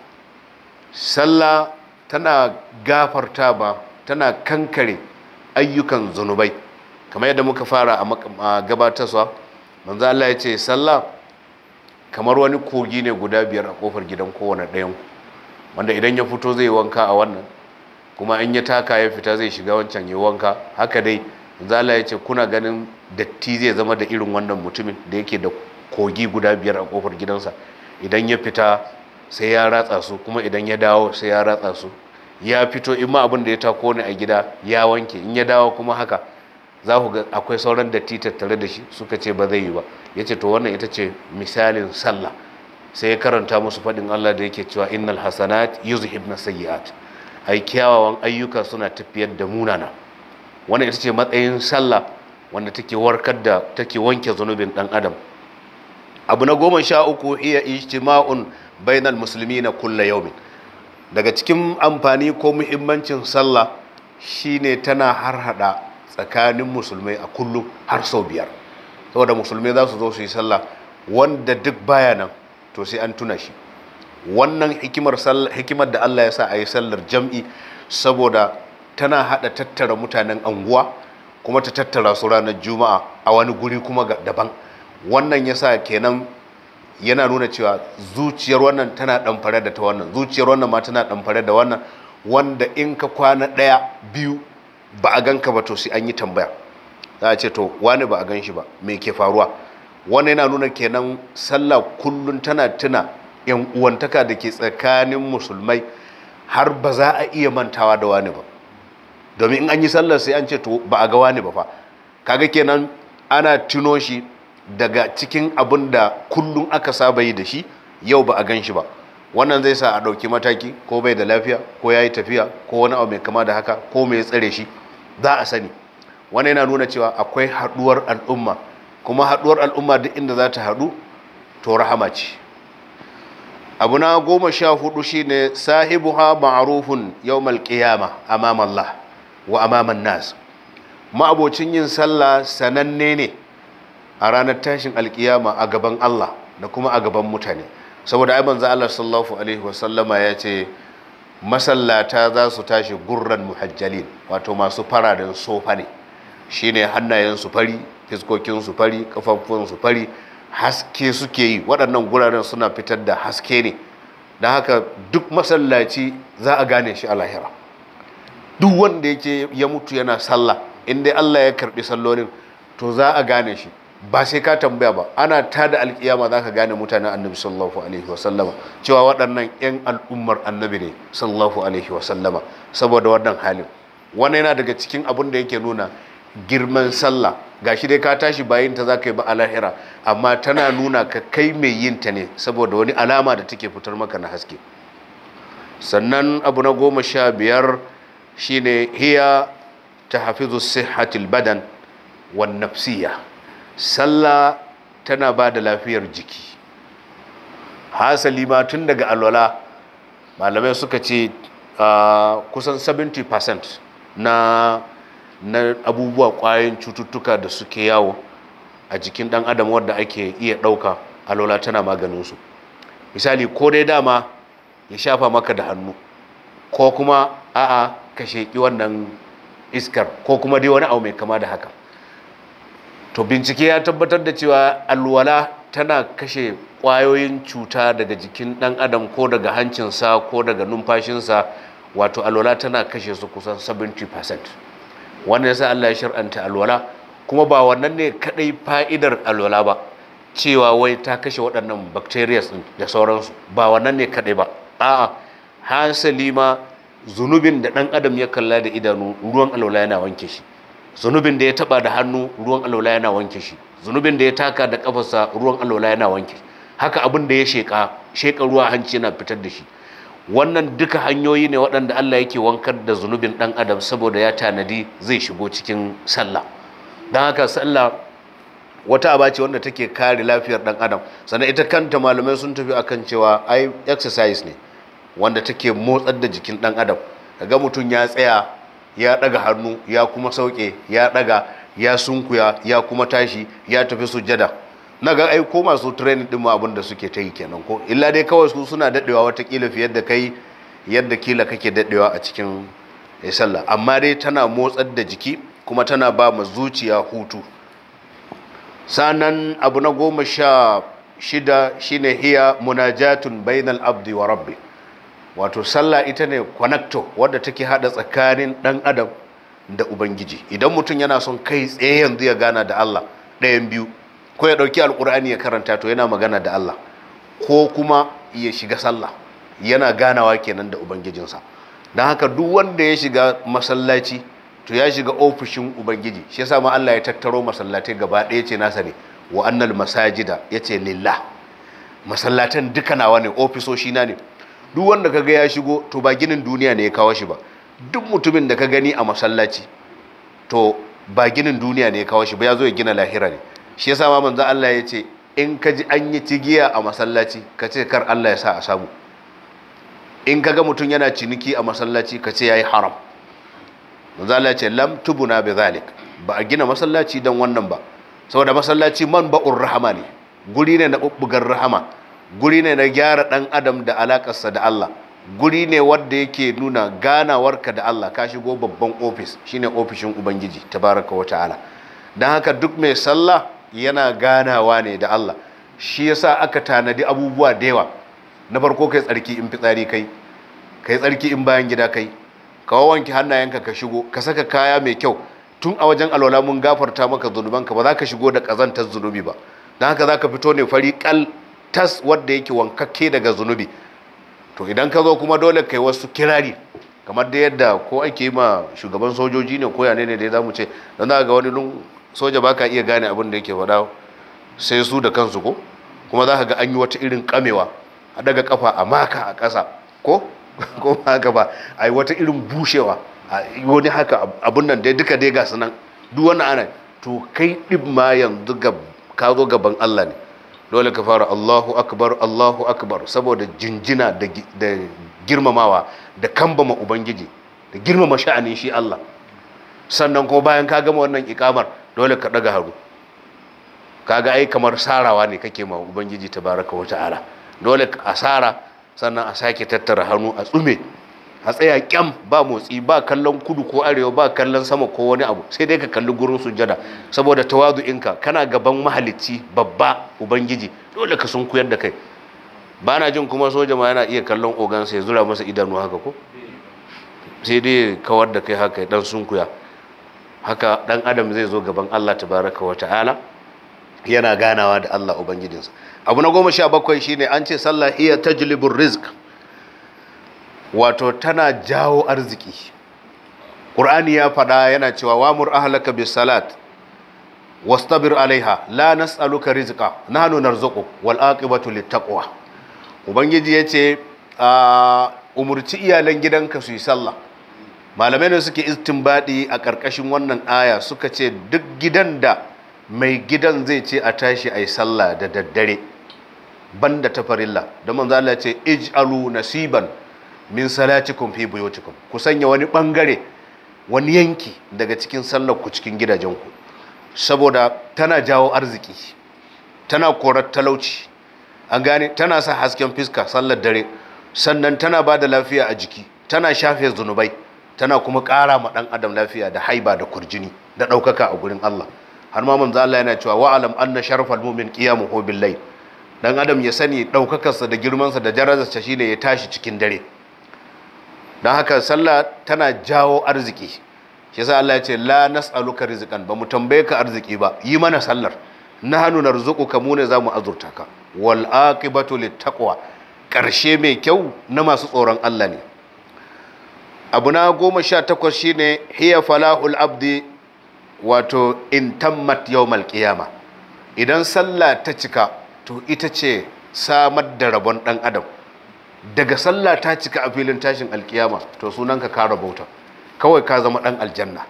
sallah tana gafarta ba tana kankare ayyukan zunubai kamar yadda muka fara a gabatarsa manzo Allah ya ce sallah kamar wani kogi ne guda biyar a kofar gidan kowane ɗayan wanda idan ya fito zai wanka a wannan kuma in ya taka ya fita zai shiga wancan ya wanka haka dai zala ya ce kuna ganin datti zai zama da irin wannan mutumin da yake da kogi guda biyar a kofar gidansa idan ya fita sai ya ratsa su kuma idan ya dawo sai ya ratsa su ya fito in ma abin da ya tako ne a gida ya wanke in ya dawo kuma haka za ku ga akwai sauran datti tare da shi suka ce ba zai yi ba ya ce to wannan ita ce misalin sallah sai ya karanta musu faɗin Allah da yake cewa innal hasanat ibn sayyi'at ai kyawawan ayyuka suna tafiyar da munana wannan ita ce matsayin sallah wanda take warkar da take wanke zunubin dan adam abu na goma sha uku iya ijtima'un bainal muslimina kulla yaumin daga cikin amfani ko muhimmancin sallah shine tana harhaɗa tsakanin musulmai a kullum har sau biyar saboda musulmai za su zo su yi sallah wanda duk baya nan to sai an tuna shi wannan hikimar da Allah ya sa a yi sallar jam'i saboda tana hada tattara mutanen anguwa kuma ta tattara su ranar juma'a a wani guri kuma daban wannan ya sa kenan yana nuna cewa zuciyar wannan tana ɗanfare da ta wannan zuciyar wannan ma tana ɗanfare da wannan wanda in ka kwana ɗaya biyu ba a ganka ba to sai an yi tambaya za a ce to wani ba a gan shi ba me ke faruwa wani yana nuna kenan sallah kullum tana tuna yan uwantaka da ke tsakanin musulmai har ba za a iya mantawa da wani ba domin in an yi sallah sai an ce to ba a ga wani ba fa kaga kenan ana tuno shi daga cikin abin da kullum aka saba yi da shi yau ba a gan shi ba wannan zai sa a ɗauki mataki ko bai da lafiya ko ya yi tafiya ko wani abu mai kama da haka ko mai tsare shi za a sani wani yana nuna cewa akwai haduwar al'umma kuma haduwar al'umma duk inda za ta hadu to rahama ce abu na goma sha hudu shi shine ha ma'arufin yawmal qiyama a Allah wa amaman nas ma'abocin yin sallah sananne ne a ranar tashin alkiyama a gaban Allah da kuma a gaban mutane saboda ai manzo Allah alaihi wasallama ya ce masallata za su tashi gurran muhajjalin wato masu fararen sofa ne shine hannayensu fari fiskokinsu fari kafafunsu fari haske suke yi waɗannan guraren suna fitar da haske ne don haka duk masallaci za a gane shi a lahira duk wanda yake ya mutu yana sallah inda Allah ya karɓi sallonin to za a gane shi ba sai ka tambaya ba ana ta da alkiyama za ka gane mutanen annabi sallallahu alaihi wasallama cewa waɗannan 'yan al'ummar annabi ne sallallahu alaihi wasallama saboda wannan halin wannan yana daga cikin abin da yake nuna girman sallah ga shi dai ka tashi bayin ta za ka yi ba alahira amma tana nuna ka kai mai yin ta ne saboda wani alama da take fitar maka na haske sannan abu na goma sha biyar shine hiya ta hafizu sihatil badan wan nafsiyya sallah tana ba da lafiyar jiki hasali ma tun daga alwala malamai suka ce kusan 70% na na abubuwa kwayoyin cututtuka da suke yawo a jikin dan adam wadda ake iya ɗauka alwala tana maganinsu misali ko dai dama ya shafa maka da hannu ko kuma a'a ka wannan iskar ko kuma dai wani abu mai kama da haka to bincike ya tabbatar da cewa alwala tana kashe kwayoyin cuta daga jikin ɗan adam ko daga hancinsa ko daga numfashinsa wato alwala tana kashe su kusan 70% wannan yasa Allah ya shar'anta alwala kuma ba wannan ne kadai fa'idar alwala ba cewa wai ta kashe waɗannan bacterias da sauransu ba wannan ne kadai ba a'a hansali ma zunubin da ɗan adam ya kalla da idanu ruwan alwala yana wanke shi zunubin da ya taba da hannu ruwan alwala yana wanke shi zunubin da ya taka da kafarsa ruwan alwala yana wanke haka abin da ya sheka sheka ruwa hanci yana fitar da shi wannan duka hanyoyi ne waɗanda Allah yake wankar da zunubin ɗan adam saboda ya tanadi zai shigo cikin sallah don haka sallah wata aba ce wanda take kare lafiyar ɗan adam sannan ita kanta malamai sun tafi akan cewa ai exercise ne wanda take motsar da jikin ɗan adam kaga mutum ya tsaya ya daga hannu ya kuma sauke ya daga ya sunkuya ya kuma tashi ya tafi sujada na ga ai ko masu training din abin da suke ta yi kenan ko illa dai kawai su suna wata watakila fiye da kai yadda kila kake daɗewa a cikin eh, sallah amma dai tana motsar da jiki kuma tana ba ma zuciya hutu sanan abu na goma sha shida shine hiya munajatun bainal abdi wa rabbi wato sallah ita ne connector wadda take hada tsakanin dan adam da ubangiji idan mutum yana son kai tsaye yanzu ya gana da Allah ɗayan biyu ko ya ɗauki alƙur'ani ya karanta to yana magana da Allah ko kuma ya shiga sallah yana ganawa kenan da ubangijinsa don haka duk wanda ya shiga masallaci to ya shiga ofishin ubangiji shi yasa ma Allah ya tattaro masallatai gaba ɗaya ce nasa ne wa annal masajida yace lillah masallatan duka nawa ne ofisoshi na ne duk wanda kaga ya shigo to ba ginin duniya ne ya kawo shi ba duk mutumin da ka gani a masallaci to ba ginin duniya ne ya kawo shi ba ya zo ya gina lahira ne shi yasa ma manzo Allah ya ce in ka ji an yi cigiya a masallaci ka ce kar Allah ya sa a samu in ka ga mutum yana ciniki a masallaci ka ce yayi haram manzo Allah ya ce lam tubuna bi zalik ba a gina masallaci dan wannan ba saboda masallaci man ba'ur rahama ne guri ne na bubbugar rahama guri ne na gyara ɗan adam da alakarsa da Allah guri ne wanda yake nuna ganawarka da Allah ka shigo babban ofis shine ofishin ubangiji tabaraka wa ta'ala don haka duk mai sallah yana ganawa ne da Allah shi yasa aka tanadi abubuwa da yawa na farko kai tsarki in fitsari kai kai tsarki in bayan gida kai ka wanke hannayenka ka shigo ka saka kaya mai kyau tun a wajen alwala mun gafarta maka zunubanka ba za ka shigo da ƙazantar zunubi ba don haka za ka fito ne fari kal tas wanda yake wankakke daga zunubi to idan ka zo kuma dole kai wasu kirari kamar da yadda ko ake yi ma shugaban sojoji ne ko yane ne da za mu ce don za ga wani nun soja ba iya gane abin da yake faɗa sai su da kansu ko kuma za ka ga an yi wata irin kamewa a daga kafa a maka a ƙasa ko [laughs] ko haka ba a yi wata irin bushewa a wani haka abin nan dai duka dai ga nan duk wani ana to kai ɗin ma yanzu ka zo gaban Allah ne dole ka fara Allahu akbar Allahu akbar saboda jinjina da girmamawa da kambama ubangiji da girmama sha'anin shi Allah sannan ko bayan ka gama wannan ikamar dole ka daga haru kaga ai kamar sarawa ne kake ma ubangiji tabaraka wata'ala dole a sara sannan a sake tattara hannu a tsume a tsaya kyam ba motsi ba kallon kudu ko arewa ba kallon sama ko wani abu sai dai ka kalli gurin sujada saboda tawazu'inka kana gaban mahalicci babba ubangiji dole ka sunkuyar da kai ba na jin kuma soja ma yana iya kallon ogan sai zura masa idanu haka ko sai dai kawar da kai haka dan sunkuya haka dan adam zai zo gaban Allah tabaraka wa ta'ala yana ganawa da Allah ubangijinsa abu na goma sha bakwai shine an ce sallah iya tajlibur rizq wato tana jawo arziki ƙur'ani ya faɗa yana cewa wamur ahlaka bi salat wastabir alaiha la nas'aluka rizqa nahnu narzuqu wal aqibatu littaqwa ubangiji yace a umurci iyalan gidanka su yi sallah malamai ne suke istinbadi a ƙarƙashin wannan aya suka ce duk gidan da mai gidan zai ce a tashi a yi sallah da daddare banda tafarilla don manzo Allah ya ce ij'alu nasiban min salatikum fi buyutikum ku sanya wani bangare wani yanki daga cikin sallar ku cikin gidajenku saboda tana jawo arziki tana korar talauci an gane tana sa hasken fiska sallar dare sannan tana ba da lafiya a jiki tana shafe zunubai tana kuma ƙara ma ɗan adam lafiya da haiba da kurjini da ɗaukaka a gurin Allah har ma manzo Allah yana cewa alam anna sharafal mu'min qiyamuhu bil layl dan adam ya sani ɗaukakarsa da girmansa da darajarsa shine ya tashi cikin dare don haka sallah tana jawo arziki shi sa Allah ya ce la nas'aluka rizqan ba mu tambaye ka arziki ba yi mana sallar nahnu narzuquka mu ne zamu azurta ka wal aqibatu littaqwa karshe mai kyau na masu tsoron Allah ne abu na goma sha takwas shine hiya falahul abdi wato in tammat yawmal qiyama idan sallah ta cika to ita ce samar da rabon ɗan adam daga sallah ta cika a filin tashin alkiyama to sunanka ka rabauta kawai ka zama dan aljanna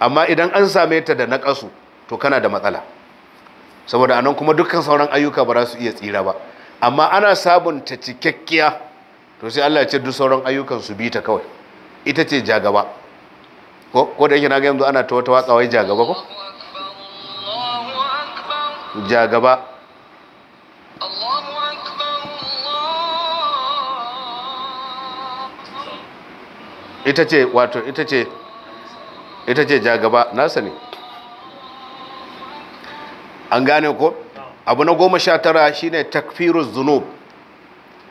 amma idan an same ta da naƙasu to kana da matsala saboda anan kuma dukkan sauran ayyuka ba za su iya tsira ba amma ana sabunta cikakkiya to sai Allah ya ce duk sauran ayyukan su bi ta kawai ita ce jagaba ko ko da yake na ga yanzu ana ta wata watsa wai jagaba ko jagaba ita ce wato ita ce ita ce jagaba nasa ne an gane ko abu na goma sha tara shine takfiru zunub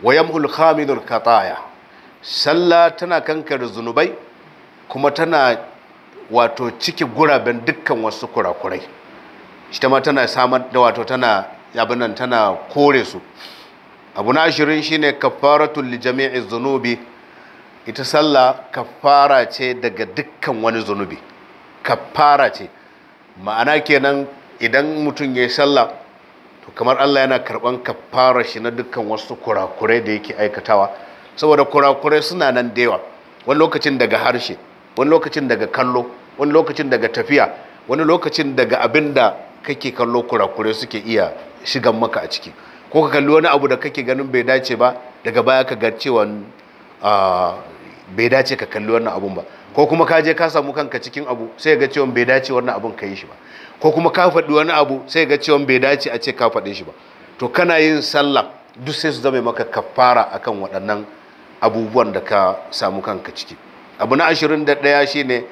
wa yamhul khamidul kataya sallah tana kankare zunubai kuma tana wato ciki guraben dukkan wasu kurakurai ita ma tana samar da wato tana tana kore su abu na ashirin shine kafaratul kafaratun jami'i zunubi ita sallah kafara ce daga dukkan wani zunubi kafara ce ma'ana kenan idan mutum ya yi sallah to kamar Allah yana karban kafara shi na dukkan wasu kurakurai da yake aikatawa saboda kurakurai suna nan da yawa wani lokacin daga harshe wani lokacin daga kallo wani lokacin daga tafiya wani lokacin daga abin da kake kallo kurakurai suke iya shigan maka a ciki ko ka kalli wani abu da kake ganin bai dace ba daga baya ka ga cewa ah, bai dace ka kalli wannan abun ba ko kuma ka je ka samu kanka cikin abu sai ga cewa bai dace wannan abun ka yi shi ba ko kuma ka faɗi wani abu sai ga cewa bai dace a ce ka faɗi shi ba to kana yin sallah duk sai su zama maka kafara akan waɗannan abubuwan da ka samu kanka ciki abu na ashirin da ɗaya shine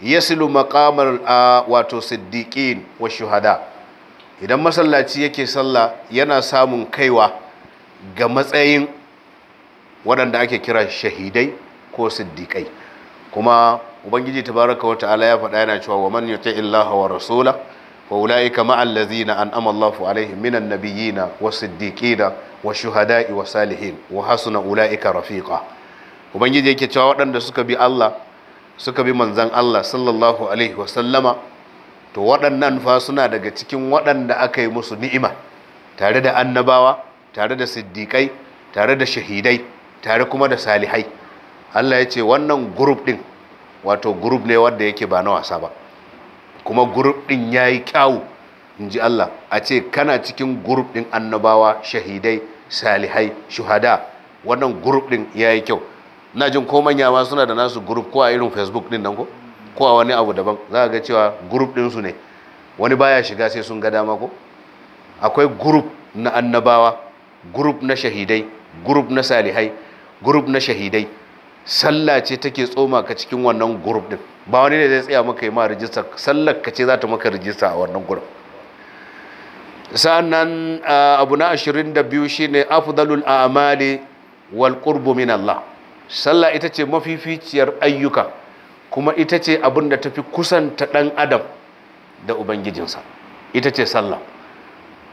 yasilu a wato siddiqin wa shuhada idan masallaci yake sallah yana samun kaiwa ga matsayin waɗanda ake kira shahidai ko siddiƙai kuma ubangiji tabaraka wa ta'ala ya faɗa yana cewa wa man yuti illaha wa rasula wa ulaika ma allazina an'ama Allahu alaihim minan nabiyina was siddiqina wa shuhada'i wa salihin wa hasuna ulaika rafiqa ubangiji yake cewa waɗanda suka bi Allah suka bi manzon Allah sallallahu alaihi wa sallama to waɗannan fa suna daga cikin waɗanda aka yi musu ni'ima tare da annabawa tare da siddiƙai tare da shahidai tare kuma da salihai Allah ya ce wannan group din wato group ne wanda yake ba na wasa ba kuma group din yayi kyawu in ji Allah a ce kana cikin group din annabawa shahidai salihai shuhada wannan group din yayi kyau na jin ko manya ma suna da nasu group ko a irin Facebook din nan ko ko a wani abu daban za ka ga cewa group din su ne wani baya shiga sai sun ga dama ko akwai group na annabawa group na shahidai group na salihai group na shahidai sallah ce take tsoma ka cikin wannan group din ba wani ne zai tsaya maka yi ma rijista sallar ka ce za ta maka rijista a wannan group sa'annan abu na ashirin da shi shine Afudalul a'mali wal qurbu min Allah sallah ita ce mafificiyar ayyuka kuma ita ce abin da tafi kusanta dan adam da ubangijinsa ita ce sallah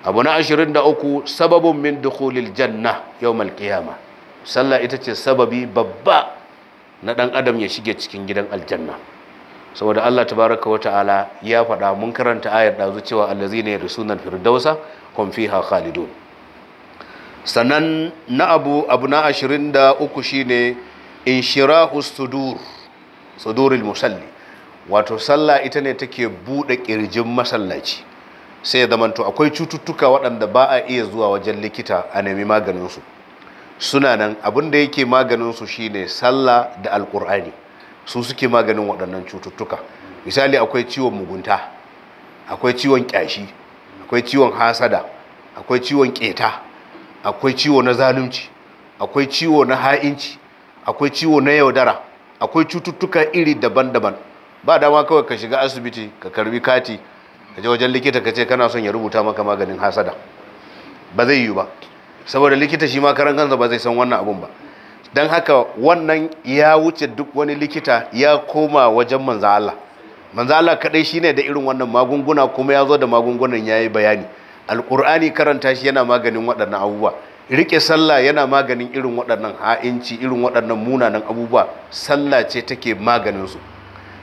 abu na ashirin da uku sababin min dukhulil janna yawmal qiyamah sallah ita ce sababi babba na ɗan adam ya shige cikin gidan aljanna saboda Allah tabaraka wa ta'ala ya faɗa mun karanta ayar ɗazu cewa allazina sunan firdausa hum fiha khalidun sannan na abu abu na 23 shine inshirahu sudur sudurul musalli wato sallah ita ne take buɗe ƙirjin masallaci sai ya zamanto akwai cututtuka waɗanda ba a iya zuwa wajen likita a nemi maganinsu suna nan abin da yake maganin su shine sallah da alkur'ani su suke maganin waɗannan cututtuka misali akwai ciwon mugunta akwai ciwon kyashi akwai ciwon hasada akwai ciwon keta akwai ciwo na zalunci akwai ciwo na ha'inci akwai ciwo na yaudara akwai cututtuka iri daban-daban ba dama kawai ka shiga asibiti ka karbi kati ka je wajen likita ka ce kana son ya rubuta maka maganin hasada ba zai yiwu ba saboda likita shi ma kansa ba zai san wannan abun ba don haka wannan ya wuce duk wani likita ya koma wajen manza Allah manza Allah kadai shine da irin wannan magunguna kuma ya zo da magungunan ya yi bayani alkur'ani karanta shi yana maganin waɗannan abubuwa rike sallah yana maganin irin waɗannan ha'inci irin waɗannan munanan abubuwa sallah ce take maganin su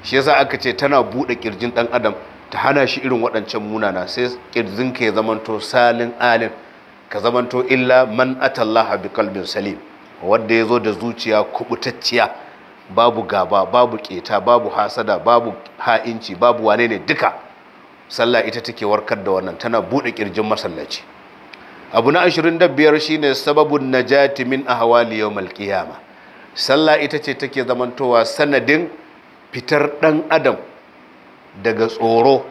shi yasa aka ce tana buɗe kirjin ɗan adam ta hana shi irin waɗancan munana sai kirjin ka ya zamanto salin alin ka zamanto illa man atallaha bi kalbin salim wanda ya zo da zuciya kubutacciya babu gaba babu keta babu hasada babu ha'inci babu wane ne duka sallah ita take warkar da wannan tana buɗe kirjin masallaci abu na 25 shine sababun najati min ahwali yawmal qiyama sallah ita ce take zamantowa sanadin fitar dan adam daga tsoro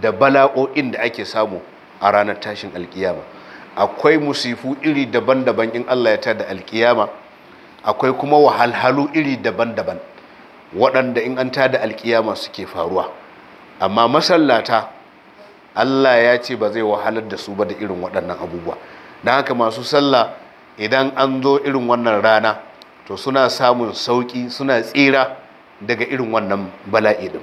da bala'o'in da ake samu a ranar tashin alkiyama akwai musifu iri daban-daban in Allah ya tada alkiyama akwai kuma wahalhalu iri daban-daban waɗanda in an tada alkiyama suke faruwa amma masallata Allah ya ce ba zai wahalar da su ba da irin waɗannan abubuwa don haka masu sallah idan an zo irin wannan rana to suna samun sauƙi suna tsira daga irin wannan bala'i din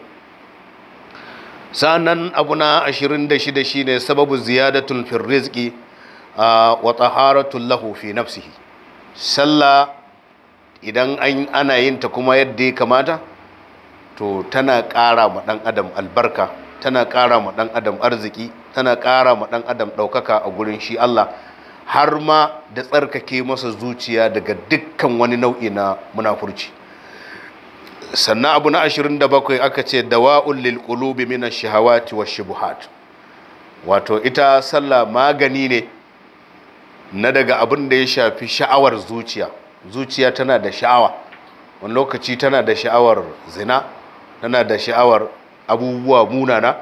sa'annan abu na 26 shine sababu ziyadatun firriski wa taharatun lahu fi nafsihi sallah idan ana yin ta kuma yadda ya kamata to tana ƙara ma ɗan adam albarka tana ƙara ma ɗan adam arziki tana ƙara ma ɗan adam ɗaukaka a gurin shi Allah har ma da tsarkake masa zuciya daga dukkan wani nau'i na munafurci sannan abu na 27 aka ce dawa'ul lil qulubi minash shahawati wash-shubuhat wato ita sallah magani ne na daga abin da ya shafi sha'awar zuciya zuciya tana da sha'awa wani lokaci tana da sha'awar zina tana da sha'awar abubuwa munana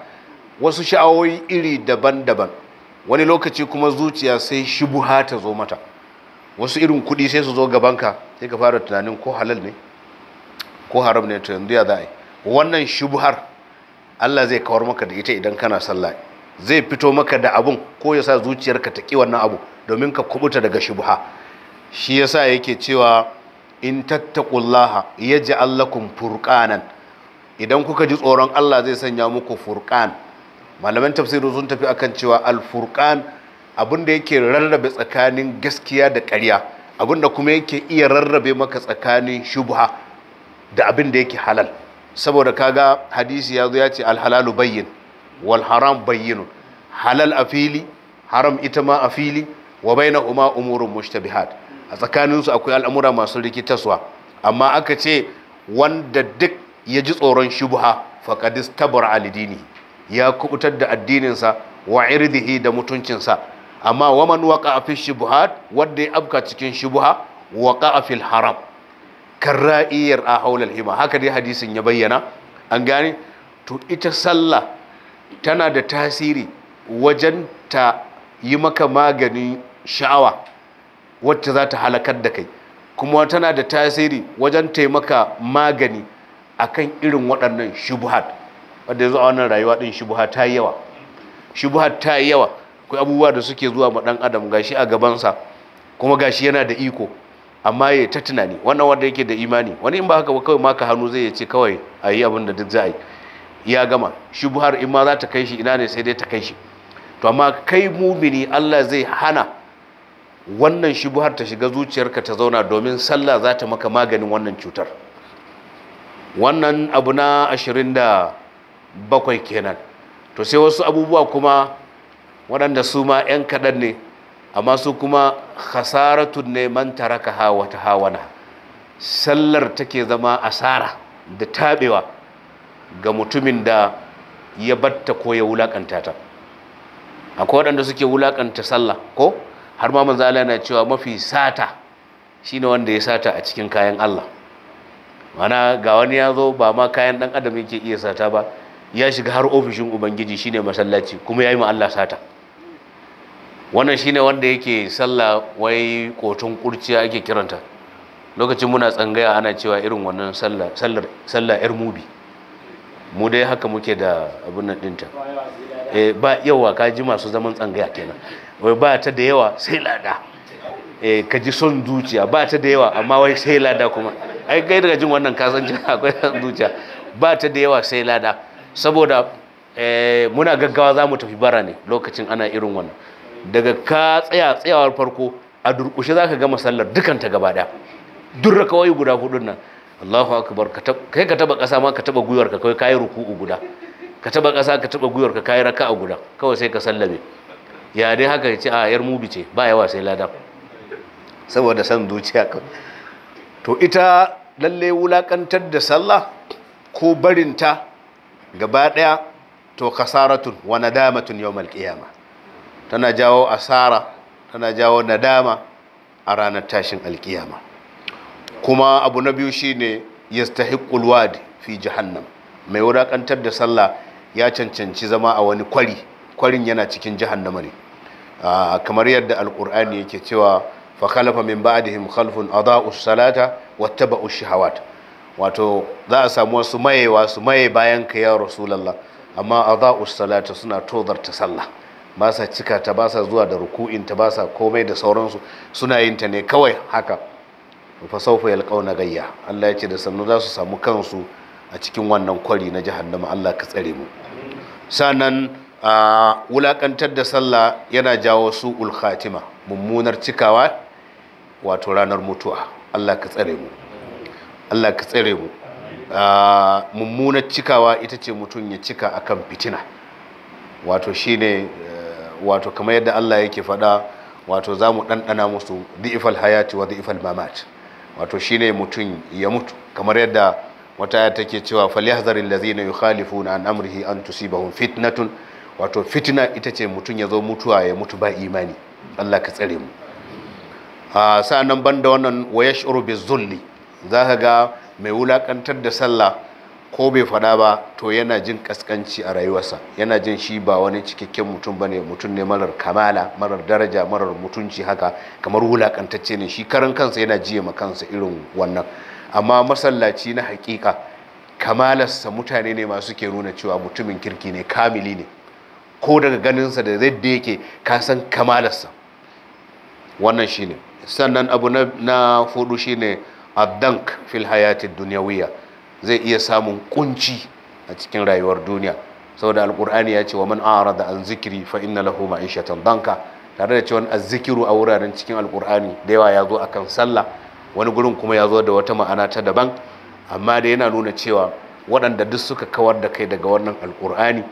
wasu sha'awoyi iri daban-daban wani lokaci kuma zuciya sai shubuha ta zo mata wasu irin kuɗi sai su zo gabanka sai ka fara tunanin ko halal ne ko haram ne to yanzu ya za'a wannan shubuhar Allah zai kawar maka da ita idan kana sallah zai fito maka da abun ko ya sa zuciyarka ta ƙi wannan abu domin ka kubuta daga shubha shi yasa yake cewa in ya ji lakum furqanan idan kuka ji tsoron Allah zai sanya muku furqan malaman tafsiru sun tafi akan cewa al-furqan abin da yake rarrabe tsakanin gaskiya da ƙarya abin da kuma yake iya rarrabe maka tsakanin shubha da abin da yake halal saboda kaga hadisi ya zo ya ce alhalalu bayyin wal haram bayyinun halal a fili haram ita ma a fili wa baina umma umurin mushtabihat a tsakaninsu akwai al'amura masu rikitaswa amma aka ce wanda duk ya ji tsoron shubha faƙadis tabar alidini ya kubutar da addininsa wa irdihi da mutuncinsa amma waman a fi shubuhat wanda ya abka cikin shubuha a fil haram karra'iyar a haulal hima haka dai hadisin ya bayyana an gane to ita sallah tana da tasiri wajen ta yi maka maganin sha'awa wacce za ta halakar da kai kuma tana da tasiri wajen ta yi maka magani akan irin waɗannan shubuhat wadda ya a wannan rayuwa ɗin shubuha ta yi yawa shubuha ta yi yawa akwai abubuwa da suke zuwa ma ɗan adam gashi a gabansa kuma gashi yana da iko amma ya ta tunani wannan wanda yake da imani wani in ba haka ba kawai maka hannu zai ce kawai a yi abin da duk za a yi ya gama shubhar in ma za ta kai shi ina ne sai dai ta kai shi to amma kai mumini Allah zai hana wannan shubhar ta shiga zuciyarka ta zauna domin sallah za ta maka maganin wannan cutar wannan abu na ashirin da bakwai kenan to sai wasu abubuwa kuma waɗanda su ma 'yan kaɗan ne amma su kuma khasaratun ne man taraka hawa ta hawana sallar take zama asara da taɓewa ga mutumin da ya batta ko ya wulakanta ta akwai waɗanda suke wulakanta sallah ko har ma manzo Allah yana cewa mafi sata shine wanda ya sata a cikin kayan Allah mana ga wani ya zo ba ma kayan dan adam yake iya sata ba ya shiga har ofishin ubangiji shine masallaci kuma yayi ma Allah sata wannan shine wanda yake sallah wai kotun kurciya ake kiranta lokacin muna tsangaya ana cewa irin wannan sallah sallar sallah yar mubi mu dai haka muke da abin nan dinta eh ba yawa ka ji masu zaman tsangaya kenan wai ba ta da yawa sai lada eh ka ji son zuciya ba ta da yawa amma wai sai lada kuma ai kai daga jin wannan kasancin [laughs] akwai son zuciya ba ta da yawa sai lada saboda eh muna gaggawa za mu tafi bara ne lokacin ana irin wannan daga ka tsaya tsayawar farko a durƙushe zaka ka gama sallar dukanta gaba daya duk kawai guda hudun nan Allahu akbar kai ka taba kasa ma ka taba ka kai kai ruku'u guda ka taba kasa ka taba ka kai raka'a guda kawai sai ka sallame ya dai haka ce a yar mubi ce ba yawa sai lada saboda san zuciya ka to ita lalle wulakantar da sallah ko barin ta gaba daya to kasaratun wa nadamatun yawmal qiyama tana jawo asara tana jawo nadama a ranar tashin alkiyama kuma abu na biyu shine yastahiqqul wadi fi jahannam mai wadakantar da sallah ya cancanci zama a wani kwari kwarin yana cikin jahannama ne ah, kamar yadda alkur'ani yake cewa fa khalafa min ba'dihim khalfun adaa'u salata wattaba'u shahawat wato za a samu wasu mayewa su maye bayan ka ya rasulullah amma adaa'u salata suna tozarta sallah ba sa cika ta ba sa zuwa da ruku'in ta ba sa komai da sauransu suna yin ta ne kawai haka fa sawfa yalqauna gayya Allah ya ce da sannu za su samu kansu a cikin wannan kwari na jahannama Allah ka tsare mu sannan a wulakantar da sallah yana jawo su khatima mummunar cikawa wato ranar mutuwa Allah ka tsare mu Allah ka tsare mu mummunar cikawa ita ce mutum ya cika akan fitina wato shine eh, wato kamar yadda Allah yake faɗa wato za mu ɗanɗana musu di'ifal hayati wa di'ifal mamat wato shine mutum ya mutu kamar yadda wata ya take cewa falyahzaril ladzina na an amrihi an fitna fitnatun wato fitna ita ce mutum ya zo mutuwa ya mutu ba imani Allah ka tsare mu a ah, sa'annan banda wannan wa yash'uru za ka ga mai wulakantar da sallah ko bai faɗa ba to yana jin kaskanci a rayuwarsa yana jin shi ba wani cikakken mutum ba ne mutum ne marar kamala marar daraja marar mutunci haka kamar wulaƙantacce ne shi karan kansa yana jiye ma kansa irin wannan amma masallaci na hakika kamalarsa mutane ne masu ke nuna cewa mutumin kirki ne kamili ne ko daga ganinsa da yadda yake ka san kamalarsa wannan shine sannan abu na fudu shine abdank fil hayatid duniyawiya zai iya samun kunci a cikin rayuwar duniya saboda alkur'ani ya ce wa man arada an zikiri fa inna lahu ma'ishatan danka tare da cewa azzikiru a wuraren cikin alkur'ani da yawa ya zo akan sallah wani gurin kuma ya zo da wata ma'ana ta daban amma da yana nuna cewa waɗanda duk suka kawar da kai daga wannan alkur'ani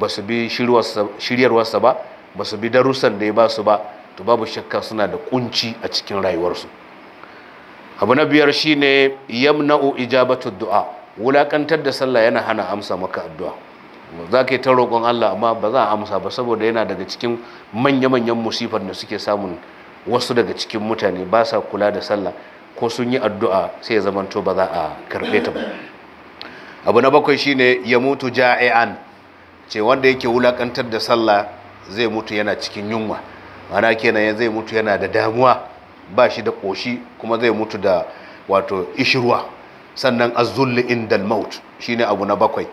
ba su bi shiryarwarsa ba ba su bi darussan da ya ba su ba to babu shakka suna da kunci a cikin rayuwarsu abu na biyar shine yamna'u ijabatu du'a wulakantar da sallah yana hana amsa maka addu'a za ka yi ta roƙon Allah amma ba za a amsa ba saboda yana daga cikin manya-manyan musifar da suke samun wasu daga cikin mutane ba sa kula da sallah ko sun yi addu'a sai ya zamanto ba za a karɓe ta ba abu na bakwai shine ya mutu ja'i'an ce wanda yake wulakantar da sallah zai mutu yana cikin yunwa ma'ana kenan zai mutu yana da damuwa ba shi da ƙoshi kuma zai mutu da wato ishirwa sannan azulli inda maut shine abu na bakwai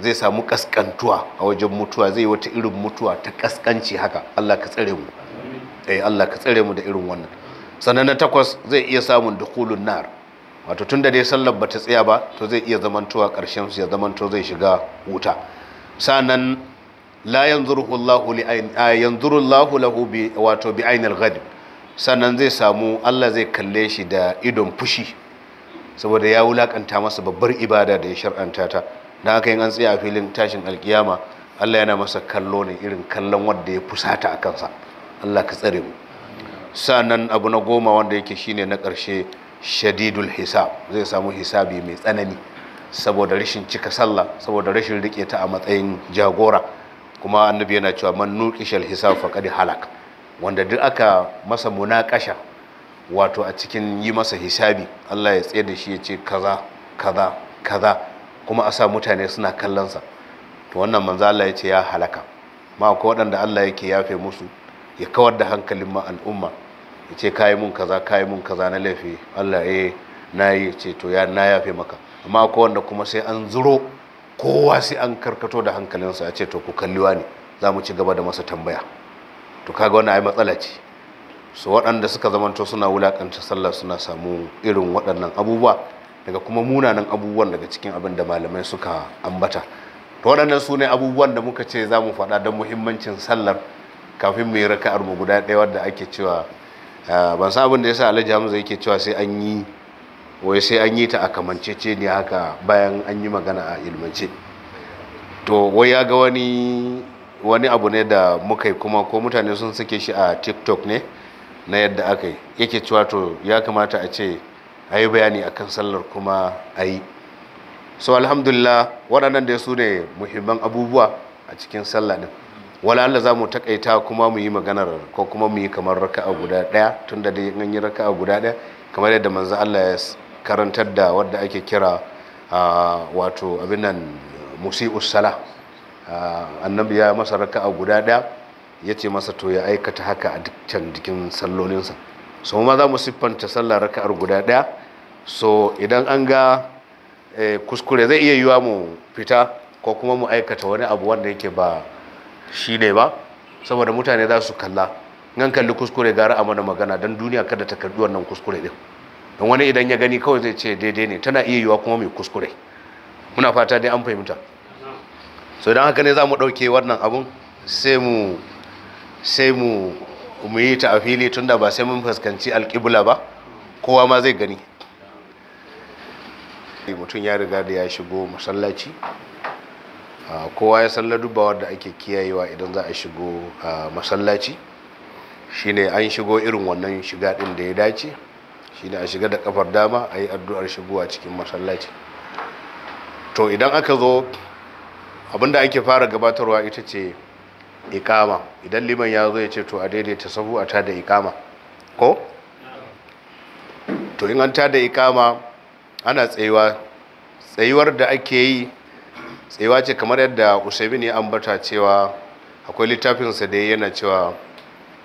zai samu kaskantuwa a wajen mutuwa zai wata irin mutuwa ta kaskanci haka Allah ka tsare mu eh Allah ka tsare mu da irin wannan sannan na takwas zai iya samun dukulun nar wato tunda dai sallar bata tsaya ba to zai iya zamantowa karshen su ya zamanto zai shiga wuta sanan la yanzuruhu Allahu li ayin yanzuru Allahu lahu bi wato bi ainil ghadab sannan zai samu Allah zai kalle shi da idon fushi saboda ya wulaƙanta masa babbar ibada da ya shar'anta ta da aka yin an tsaye a filin tashin alkiyama Allah yana masa kallo ne irin kallon wanda ya fusata a kansa Allah ka tsare mu sannan abu na goma wanda yake shine na ƙarshe shadidul hisab zai samu hisabi mai tsanani saboda rashin cika sallah saboda rashin rike ta a matsayin jagora kuma annabi yana cewa man nuqishal hisab faqad halak wanda duk aka masa munakasha wato a cikin yi masa hisabi Allah ya tsaye da shi ya ce kaza kaza kaza kuma a sa mutane suna kallonsa to wannan manzo Allah ya ce ya halaka ma ko waɗanda Allah yake yafe musu ya kawar da hankalin ma al'umma ya ce kayi mun kaza kayi mun kaza na laifi Allah eh na yi ce to ya na yafe maka amma ko wanda kuma sai an zuro kowa sai an karkato da hankalinsa ya ce to ku kalliwa ne za mu ci gaba da masa tambaya to kaga wannan ai matsala ce su waɗanda suka zamanto suna wulakanta sallah suna samu irin waɗannan abubuwa daga kuma munanan abubuwan daga cikin abin da malamai suka ambata to waɗannan su ne abubuwan da muka ce za mu faɗa don muhimmancin sallar kafin mu yi raka'ar mu guda ɗaya wadda ake cewa eh, ban san abin da yasa alhaji hamza yake cewa sai an yi wai sai an yi ta a kamancece ne haka bayan an yi magana a ilmance to wai ya ga wani wani abu ne da muka yi kuma ko mutane sun sake shi a tiktok ne na yadda aka yi yake cewa to ya kamata a ce a yi bayani a kan sallar kuma a yi so alhamdulillah waɗannan da su ne muhimman abubuwa a cikin sallah ɗin wala Allah za mu takaita kuma mu yi maganar ko kuma mu yi kamar raka'a guda ɗaya tun da dai an yi raka'a guda ɗaya kamar yadda manzo Allah ya karantar da wadda ake kira ah, wato abin nan musi'us salah Ah, annabi ya masa raka'a guda ɗaya ya ce masa to ya aikata haka a dukkan jikin sallolinsa so ma za mu siffanta sallar raka'ar guda ɗaya so idan an ga eh, kuskure zai iya yiwa mu fita ko kuma mu aikata wani abu wanda yake ba shi ne ba saboda mutane za su kalla nan kalli kuskure gara a mana magana don duniya kada ta karbi wannan kuskure ɗin don wani idan ya gani kawai zai ce daidai ne tana iya yiwa kuma mai kuskure muna fata dai an fahimta so don haka ne za mu ɗauke wannan abun sai mu sai mu mu yi ta a fili tunda ba sai mun fuskanci alƙibula ba kowa ma zai gani mutum ya riga da ya shigo masallaci kowa ya san ladubawar da ake kiyayewa idan za a shigo masallaci shine an shigo irin wannan shiga ɗin da ya dace shine a shiga da kafar dama a yi addu'ar shigowa cikin masallaci to idan aka zo abinda ake fara gabatarwa ita ce ikama idan liman ya zo ya ce to a daidaita sahu a tada ikama ko to in an tada ikama ana tsayuwa tsayuwar da ake yi tsayuwa ce kamar yadda usaimin ya ambata cewa akwai littafinsa da yana cewa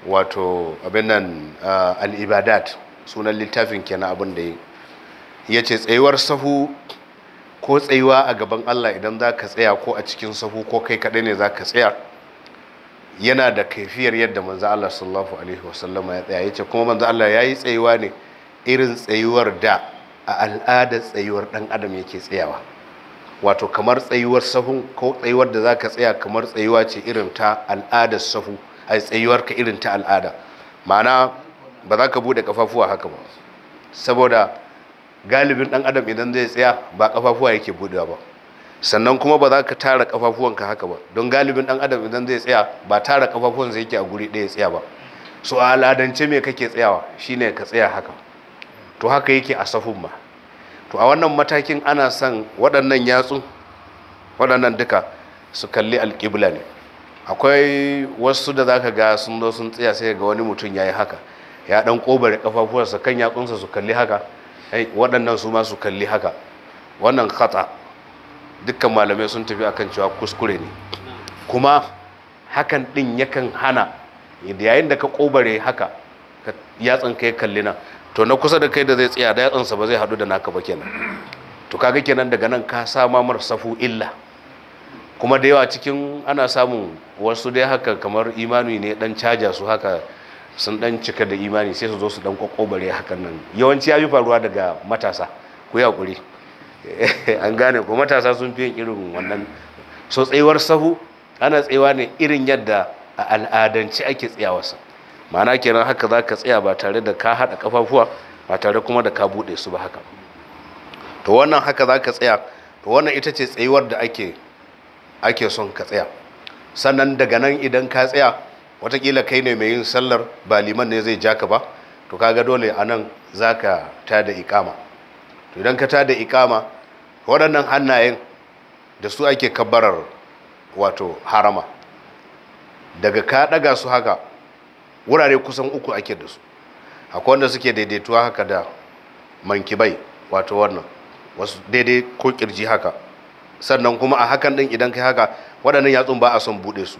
wato abin nan ah, al'ibadat sunan littafin kenan abin da ya ce tsayuwar sahu ko tsayuwa a gaban Allah idan za ka tsaya ko a cikin sahu ko kai kaɗai ne za ka tsaya yana da kaifiyar yadda manzo Allah sallallahu alaihi wasallam ya tsaya yace kuma manzo Allah ya yi tsayuwa ne irin tsayuwar da a al'ada tsayuwar ɗan adam yake tsayawa wato kamar tsayuwar sahu ko tsayuwar da za ka tsaya kamar tsayuwa ce irin ta al'ada sahu a tsayuwar ka irin ta al'ada ma'ana ba za ka buɗe kafafuwa haka ba saboda galibin ɗan adam idan zai tsaya ba kafafuwa yake buɗewa ba sannan kuma ba za ka tara kafafuwanka haka ba don galibin ɗan adam idan zai tsaya ba tara kafafuwansa yake a guri ɗaya tsaya ba so a al'adance me kake tsayawa shine ka tsaya haka to haka yake a safun ma to a wannan matakin ana son waɗannan yatsu waɗannan duka su kalli alƙibla ne akwai wasu da zaka ga sun zo sun tsaya sai ga wani mutum ya yi haka ya dan kobare kafafuwarsa kan yatsunsa su kalli haka waɗannan su masu su kalli haka wannan katsa dukkan malamai sun tafi akan cewa kuskure ne kuma hakan ɗin yakan hana yayin da ka ƙobare haka yatsan ka yi kalli na to na kusa da kai da zai tsaya da yatsansa ba zai haɗu da naka ba kenan to kaga kenan daga nan ka sama mar safu illa kuma da yawa cikin ana samun wasu dai haka kamar imani ne dan caja su haka sun dan cika da imani sai su zo su dan kokobare hakan nan yawanci ya fi faruwa daga matasa ku yi hakuri [laughs] an gane ko matasa sun fi yin irin wannan so tsayuwar sahu ana tsayawa ne irin yadda a al'adance ake tsayawarsa ma'ana kenan haka za ka tsaya ba tare da ka haɗa kafafuwa ba tare kuma da ka buɗe su ba haka to wannan haka za ka tsaya to wannan ita ce tsayuwar da ake ake son ka tsaya sannan daga nan idan ka tsaya watakila kai ne mai yin sallar ba liman ne zai ja ka ba to kaga dole a nan za ka tada ikama to idan ka tada ikama waɗannan hannayen da su ake kabbarar wato harama daga ka ɗaga su haka wurare kusan uku ake da su akwai wanda suke daidaituwa haka da mankibai wato wannan wasu daidai ko kirji haka sannan kuma a hakan ɗin idan kai haka waɗannan yatsun ba a son buɗe su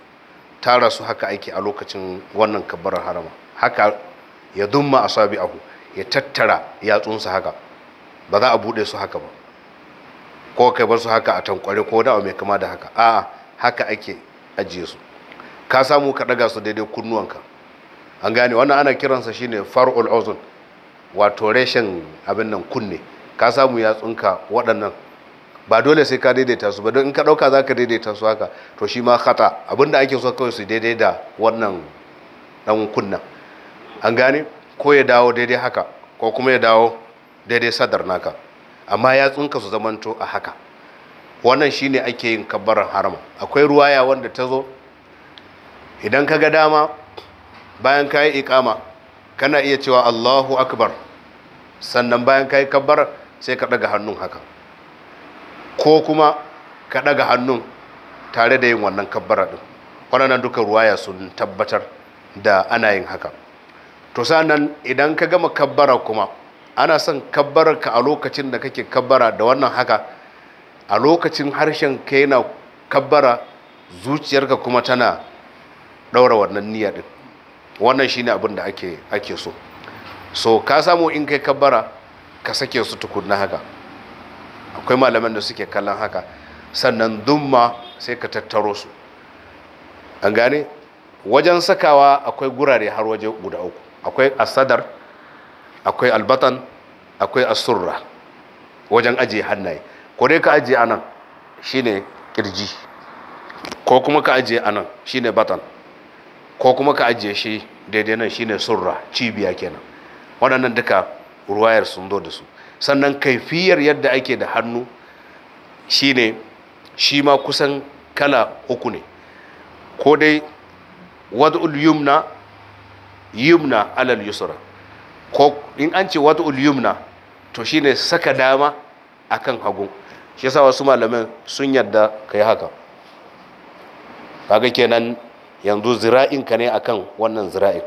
tara su haka aiki a lokacin wannan kabbarar harama haka ya dumma a abu ya tattara yatsunsa haka ba za a bude su haka ba ko kai bar su haka a tankware ko da mai kama da haka a haka ake ajiye su ka samu ka daga su daidai kunnuwanka an gane wannan ana kiransa shine far'ul uzun wato reshen abin nan kunne ka samu yatsunka waɗannan ba dole sai ka daidaita su ba don in ka ɗauka za ka daidaita su haka to shi ma hata abinda ake so kawai su daidai da wannan dan kunnan an gane ko ya dawo daidai haka ko kuma ya dawo daidai sadar naka amma ya tsunka su zamanto a haka wannan shine ake yin kabbaran harama akwai ruwaya wanda ta zo idan ka ga dama bayan ka yi ikama kana iya cewa allahu akbar sannan bayan ka yi kabbar sai ka ɗaga hannun haka ko kuma ka ɗaga hannun tare da yin wannan kabbara ɗin wannan duka ya sun tabbatar da ana yin haka to sannan idan ka gama kabbara kuma ana son kabbarar ka a lokacin da kake kabbara da wannan haka a lokacin harshen ka yana kabbara zuciyarka kuma tana ɗaura wannan niyya ɗin wannan shine abin da ake so so ka samu in kai kabbara ka sake su tukunna haka akwai malaman da suke kallon haka sannan dumma sai ka tattaro su an gane wajen sakawa akwai gurare har waje guda uku akwai asadar akwai albatan akwai asurra wajen ajiye hannaye ko dai ka ajiye anan shine kirji ko kuma ka ajiye anan shine batan ko kuma ka ajiye shi daidai nan shine surra cibiya kenan waɗannan duka ruwayar sun zo da su sannan kaifiyar yadda ake da hannu shine shi ma kusan kala uku ne ko dai wad'ul yumna yumna alal yusra ko in an ce wad'ul yumna to shine saka dama akan hagu shi yasa wasu malaman sun yadda kai haka kaga kenan yanzu zira'in ka ne akan wannan zira'in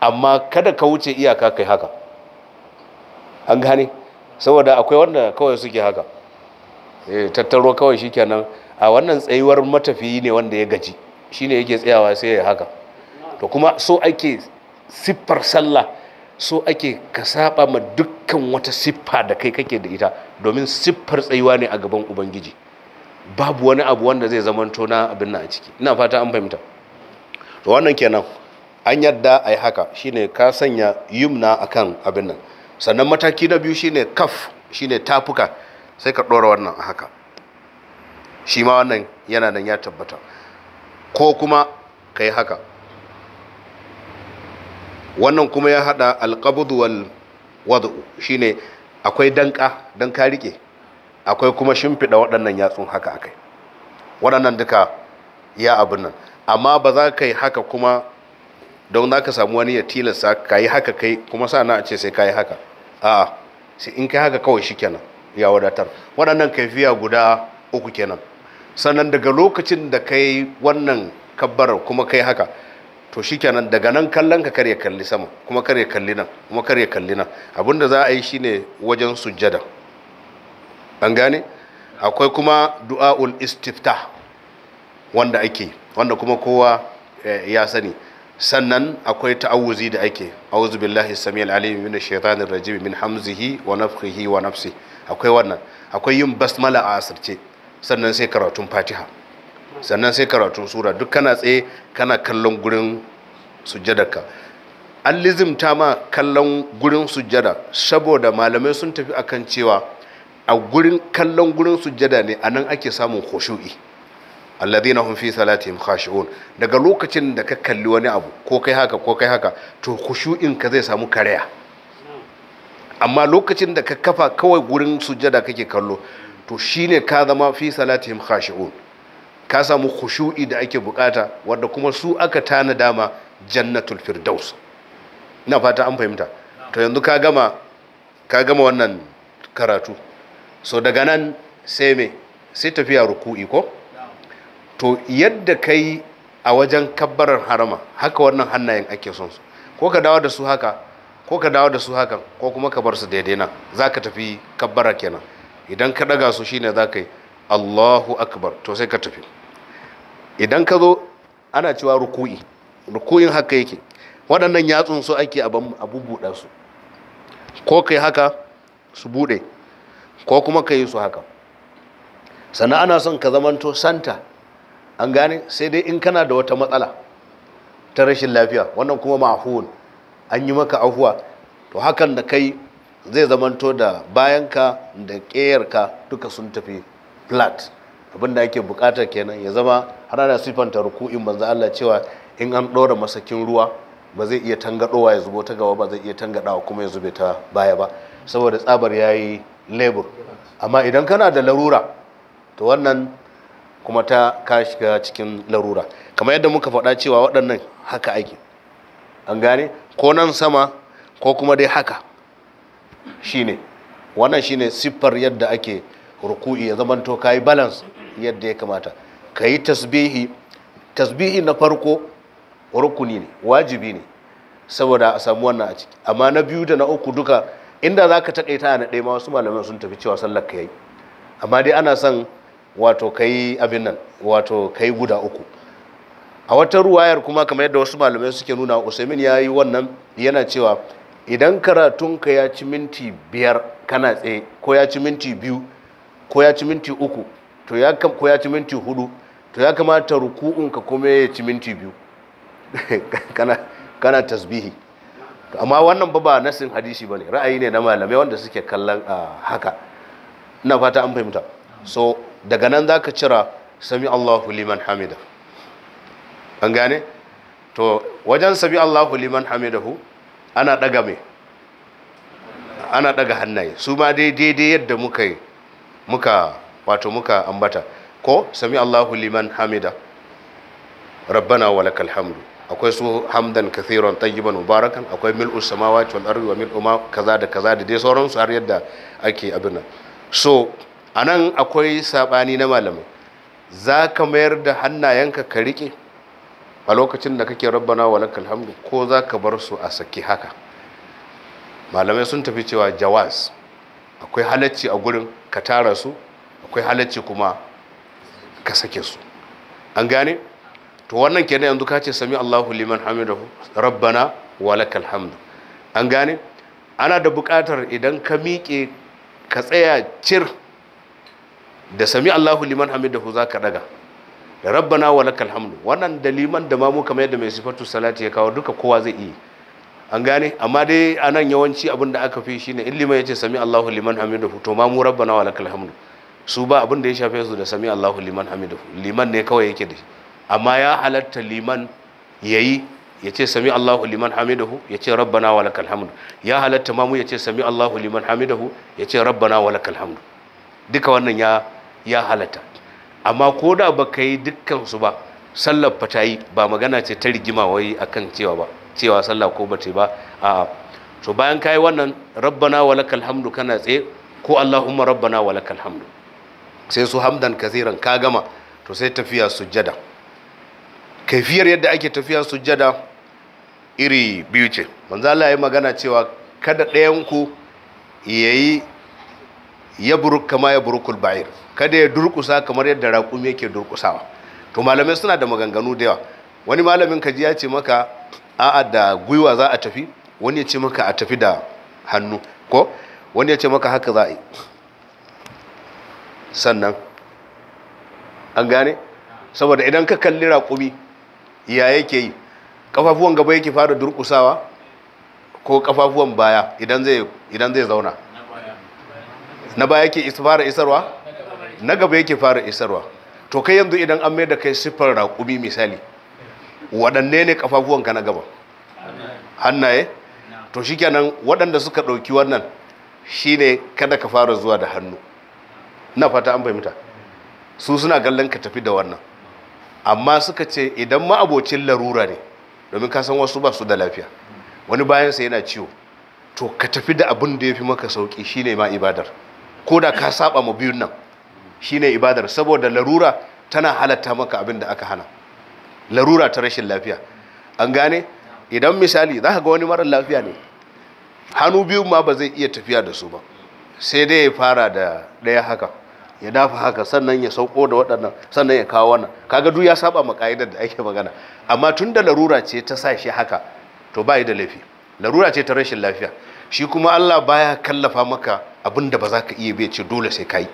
amma kada ka wuce iyaka kai haka an gane saboda akwai wanda kawai suke haka eh, tattaro kawai shi kenan a wannan tsayuwar matafiyi ne wanda ya gaji shine yake tsayawa sai ya haka to kuma so ake siffar sallah so ake ka saba ma dukkan wata siffa da kai kake da ita domin siffar tsayuwa ne a gaban ubangiji babu wani abu wanda zai zamanto na abin nan a ciki ina fata an fahimta to wannan kenan an yadda a yi haka shine ka sanya yumna akan abin nan sannan mataki na biyu shine kaf shine tafuka sai ka ɗora wannan haka shi ma wannan yana nan ya tabbata ko kuma ka yi haka wannan kuma ya haɗa alƙabudu wal wadu'u shine akwai danka don ka riƙe akwai kuma shimfiɗa waɗannan yatsun haka akai waɗannan duka ya abin nan amma ba za ka yi haka kuma don za ka samu wani ya tilasta ka yi haka kai kuma sa na a ce sai ka yi haka a sai in ka haka kawai shi kenan ya wadatar waɗannan kaifiya guda uku kenan sannan daga lokacin da ka yi wannan kabbarar kuma ka yi haka to shi kenan daga nan kallon ka karya kalli sama kuma karya kalli nan kuma karya kalli nan abinda za a yi shi ne wajen sujjada an gane akwai kuma du'a'ul istifta wanda ake wanda kuma kowa eh, ya sani sannan akwai ta'awuzi da ake auzu billahi sami al'alimi min shaitanin rajim min hamzihi wa nafthihi wa nafsi akwai wannan akwai yin basmala a asirce sannan sai karatun fatiha sannan sai karatun sura duk kana tsaye kana kallon gurin sujjadarka an lizimta ma kallon gurin sujjada saboda malamai sun tafi akan cewa a gurin kallon gurin sujjada ne anan ake samun khushu'i alladhina hum fi salatihim khashi'un daga lokacin da ka kalli wani abu ko kai haka ko kai haka to kushu'in ka zai samu kareya amma lokacin da ka kafa kawai gurin sujjada kake kallo to shine ka zama fi salatihim khashi'un ka samu khushu'i da ake bukata wanda kuma su aka tana dama jannatul firdaus ina fata an fahimta to yanzu ka ka gama wannan karatu so daga nan sai me sai tafiya ruku'i ko to yadda ka yi a wajen kabbarar harama haka wannan hannayen ake son su ko ka dawo da su haka ko ka dawo da su haka ko kuma ka bar su daidai nan za ka tafi kabbara kenan idan ka ɗaga su shine za ka yi allahu akbar to sai ka tafi idan ka zo ana cewa ruku'i ruku'in haka yake waɗannan yatsun su ake a bubuɗa su ko kai haka su buɗe ko kuma ka yi su haka sannan ana son ka zamanto santa an gane sai dai in kana da wata matsala ta rashin lafiya wannan kuma ma'afuwan an yi maka afuwa to hakan da kai zai zamanto da bayanka da ƙeyarka duka sun tafi flat abin da ake bukata kenan ya zama har ana siffanta ruku'in banza Allah cewa in an ɗora masakin ruwa ba zai iya tangaɗowa ya zubo ta gaba ba zai iya tangaɗawa kuma ya zube ta baya ba saboda tsabar ya yi lebur amma idan kana da larura to wannan kuma ta ka shiga cikin larura kamar yadda muka faɗa cewa waɗannan haka ake an gane ko nan sama ko kuma dai haka shine wannan shine siffar yadda ake ruku'i ya zamanto ka yi balance yadda ya kamata ka yi tasbihi tasbihi na farko rukuni ne wajibi ne saboda a samu wannan a ciki amma na biyu da na uku duka inda za ka taƙaita na ɗaya ma wasu malaman sun tafi cewa sallar ka yi amma dai ana son wato kai abin nan wato kai guda uku a wata ruwayar kuma kamar yadda wasu malamai suke nuna usaimin ya yi wannan yana cewa idan karatunka ya ci minti biyar kana tsaye ko ya ci minti biyu ko ya ci minti uku to ya ko ya ci minti hudu to ya kamata ruku'unka kuma ya ci minti biyu [laughs] kana tasbihi amma wannan ba ba nasin hadisi ne ra'ayi ne na malamai wanda suke kallon ah, haka ina fata an fahimta so daga nan za ka cira sami allahu liman hamida an gane to wajen sami allahu liman hamidahu ana daga mai ana daga hannaye su ma daidai yadda muka yi muka wato muka ambata ko sami allahu liman hamida rabbana walakal hamdu akwai su hamdan kathiran tayyiban mubarakan akwai mil'u samawati wal ardi wa mil'u ma kaza da kaza da dai sauransu har yadda ake abin nan so a nan akwai saɓani na malamai za ka mayar da hannayenka ka riƙe a lokacin da kake rabbana wa lakal ko za ka bar su a saki haka malamai sun tafi cewa Jawas akwai halacci a gurin ka tara su akwai halacci kuma ka sake su an gane to wannan kenan yanzu ka ce sami Allahu liman hamidahu rabbana wa lakal an gane ana da buƙatar idan ka miƙe ka tsaya cir da sami Allahu liman hamidahu ka daga da rabbana wa lakal hamdu wannan da liman da mamu kamar yadda mai sifatu salati ya kawo duka kowa zai yi an gane amma dai a nan yawanci abin da aka fi shine in liman yace sami Allahu liman hamidahu to mamu rabbana wa lakal hamdu su ba abin da ya shafe su da sami Allahu liman hamidahu liman ne kawai yake da amma ya halatta liman yayi ya ce sami Allahu liman hamidahu ya ce rabbana wa lakal hamdu ya halatta mamu ya ce sami Allahu liman hamidahu ya ce rabbana wa lakal hamdu duka wannan ya ya halata amma ko da ba ka yi dukkansu ba sallar fa ta yi ba magana ce ta rigima wai akan cewa ba cewa sallah ko ba ce ba a to bayan kayi wannan rabbana lakal hamdu kana tsaye ko allahumma rabbana lakal hamdu sai su hamdan kaziran ka gama to sai tafiya sujjada kaifiyar yadda ake tafiya sujjada iri biyu ce manzo Allah ya magana cewa kada ɗayan ku yayi ya kama yabrukul ba'ir kada ya durkusa kamar yadda raƙumi yake durkusawa to malamai suna da maganganu da yawa wani malamin kaji ya ce maka a'a da gwiwa za a tafi wani ya ce maka a tafi da hannu ko wani ya ce maka haka za a yi sannan an gane saboda idan ka kalli raƙumi ya yake yi kafafuwan gaba yake fara durkusawa ko kafafuwan baya idan zai zauna na baya ke fara isarwa na gaba yake fara isarwa to kai yanzu idan an mai da kai siffar raƙumi misali waɗanne ne ƙafafuwanka na gaba hannaye to shikenan waɗanda suka ɗauki wannan shine kada ka fara zuwa da hannu na fata an fahimta su suna gallon ka tafi da wannan amma suka ce idan ma'abocin larura ne domin ka san wasu ba su da lafiya wani bayansa yana ciwo to ka tafi da abin da ya fi maka sauƙi shine ma ibadar ko da ka saba ma biyun nan Shi ne ibadar saboda larura tana halatta maka abin da aka hana larura ta rashin lafiya an gane idan misali za ka ga wani marar lafiya ne hannu biyu ma ba zai iya tafiya da su ba sai dai ya fara da ɗaya haka ya dafa haka sannan ya sauko da waɗannan sannan ya kawo wannan kaga duk ya saba ma ka'idar da ake magana amma tun da larura ce ta sa shi haka to ba da laifi larura ce ta rashin lafiya shi kuma Allah baya kallafa maka abinda da ba za ka iya bai ce dole sai ka yi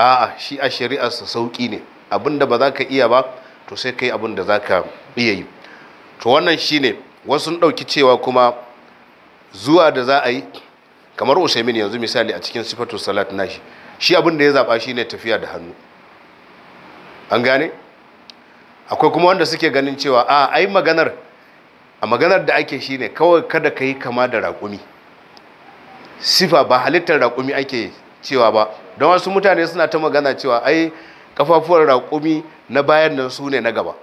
a'a shi a shari'arsa sauƙi ne abinda ba za ka iya ba to sai kai abin da za ka iya yi to wannan shi ne wasu ɗauki cewa kuma zuwa da za a yi kamar usaimin yanzu misali a cikin sifatu salat nashi shi abin da ya zaba shi ne tafiya da hannu an gane akwai kuma wanda suke ganin cewa a ai maganar a maganar da ake shi ne kawai kada ka yi kama da raƙumi sifa ba halittar raƙumi ake cewa ba don wasu mutane suna ta magana cewa ai kafafuwar raƙumi na bayan nan su ne na gaba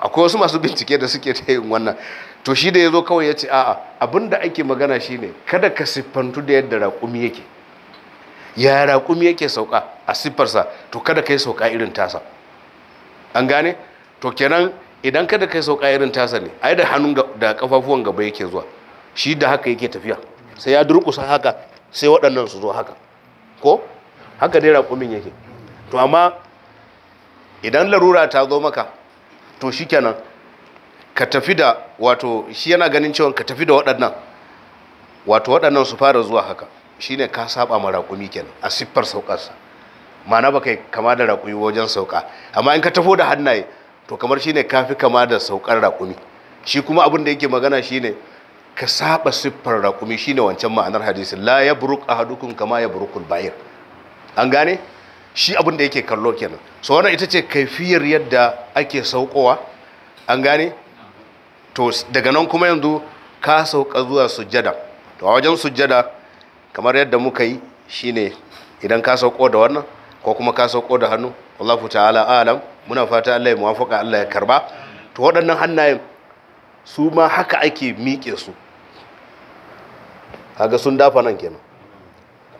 akwai wasu masu bincike da suke ta yin wannan to shi da ya zo kawai ya ce a'a abin da ake magana shine kada ka siffantu da yadda raƙumi yake ya raƙumi yake sauka a siffarsa to kada ka yi sauka irin tasa an gane to kenan idan kada ka yi sauka irin tasa ne ai da hannun da kafafuwan gaba yake zuwa shi da haka yake tafiya sai ya durkusa haka sai waɗannan su zo haka ko haka dai raƙumin yake to amma idan larura ta zo maka to shikenan ka tafi da wato shi yana ganin cewa ka tafi da waɗannan wato waɗannan su fara zuwa haka shine ka saba ma raƙumi kenan a siffar saukarsa ma'ana ba kai kama da raƙumi wajen sauka amma in ka tafo da hannaye to kamar shine ka fi kama da saukar raƙumi shi kuma abin da yake magana shine ka saba siffar raƙumi shine wancan ma'anar hadisin la ya buruk ahadukum kama ya burukul bayir an gane shi abin da yake kallo kenan so wannan ita ce kaifiyar yadda ake saukowa an gane to daga nan kuma yanzu ka sauka zuwa sujjada to a wajen sujjada kamar yadda muka yi shine idan ka sauko da wannan ko kuma ka sauko da hannu Allahu ta'ala alam muna fata Allah ya muwafaka Allah ya karba to waɗannan hannayen su ma haka ake miƙe su kaga sun dafa nan kenan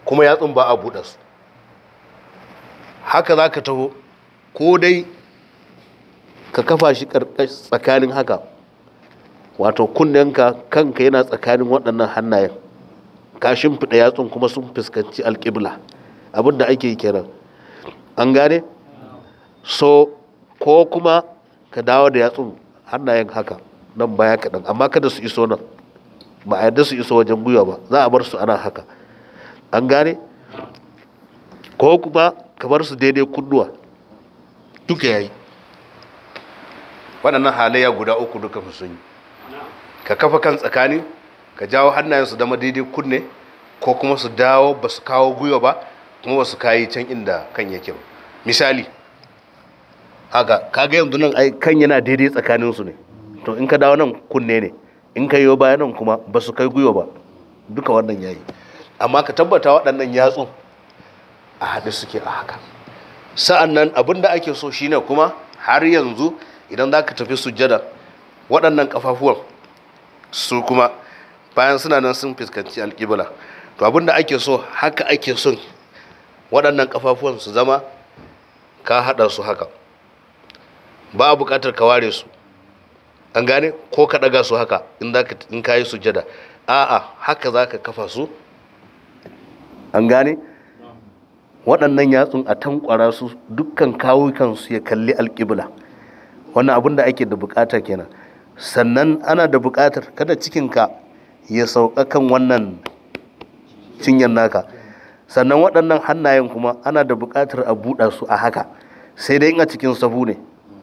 kuma yatsun ba a buɗe su haka za ka taho ko dai ka kafa shi tsakanin haka wato kunnen kunnenka kanka yana tsakanin waɗannan hannayen ka shimfiɗa yatsun kuma sun fuskanci alƙibla abin da ake yi kenan an gane so ko kuma ka dawo da yatsun hannayen haka nan baya kaɗan amma kada su iso nan ba a yadda su iso wajen gwiwa ba za a bar su ana haka an gane ko kuma ka bar su daidai kudduwa duka yayi waɗannan halayya guda uku duka sun yi ka kafa kan tsakani ka jawo hannayen su dama daidai kunne ko kuma su dawo ba su kawo guyo ba kuma ba su kayi can inda kan yake ba misali haka kaga yanzu nan ai kan yana daidai tsakanin su ne to in ka dawo nan kunne ne in ka yi bayanan kuma ba su kai guyo ba duka wannan yayi amma ka tabbata waɗannan yatsun a haɗe suke a haka sa'an nan abin da ake so shine kuma har yanzu idan za ka tafi sujjada waɗannan ƙafafuwan su kuma bayan suna nan sun fuskanci alƙibla to abin da ake so haka ake son waɗannan ƙafafuwan su zama ka haɗa su haka ba a buƙatar ka ware su an gane ko ka ɗaga su haka in ka yi sujjada a'a haka za ka kafa su an gane waɗannan yatsun a tankwara su dukkan su ya kalli alƙibla wannan abin da ake da buƙatar kenan sannan ana da buƙatar kada cikinka ya sauka kan wannan cinyar naka sannan waɗannan hannayen kuma ana da buƙatar a buɗa su a haka sai dai in a cikin sabu ne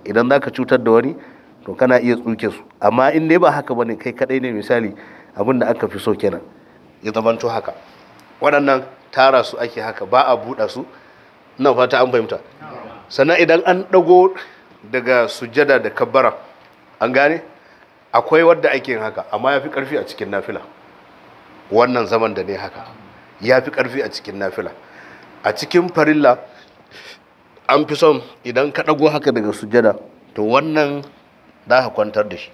idan za ka cutar da wani to kana iya tsuke su amma in dai ba haka ba ne kai kaɗai ne misali abin da aka fi so kenan ya zamanto haka waɗannan tara su ake haka ba a buɗa su na fata an fahimta sannan idan an ɗago daga sujada da kabbara an gane akwai wadda ake haka amma ya fi ƙarfi a cikin nafila wannan zaman da ne haka ya fi ƙarfi a cikin nafila a cikin farilla an fi son idan ka ɗago haka daga sujada to wannan za ka kwantar da shi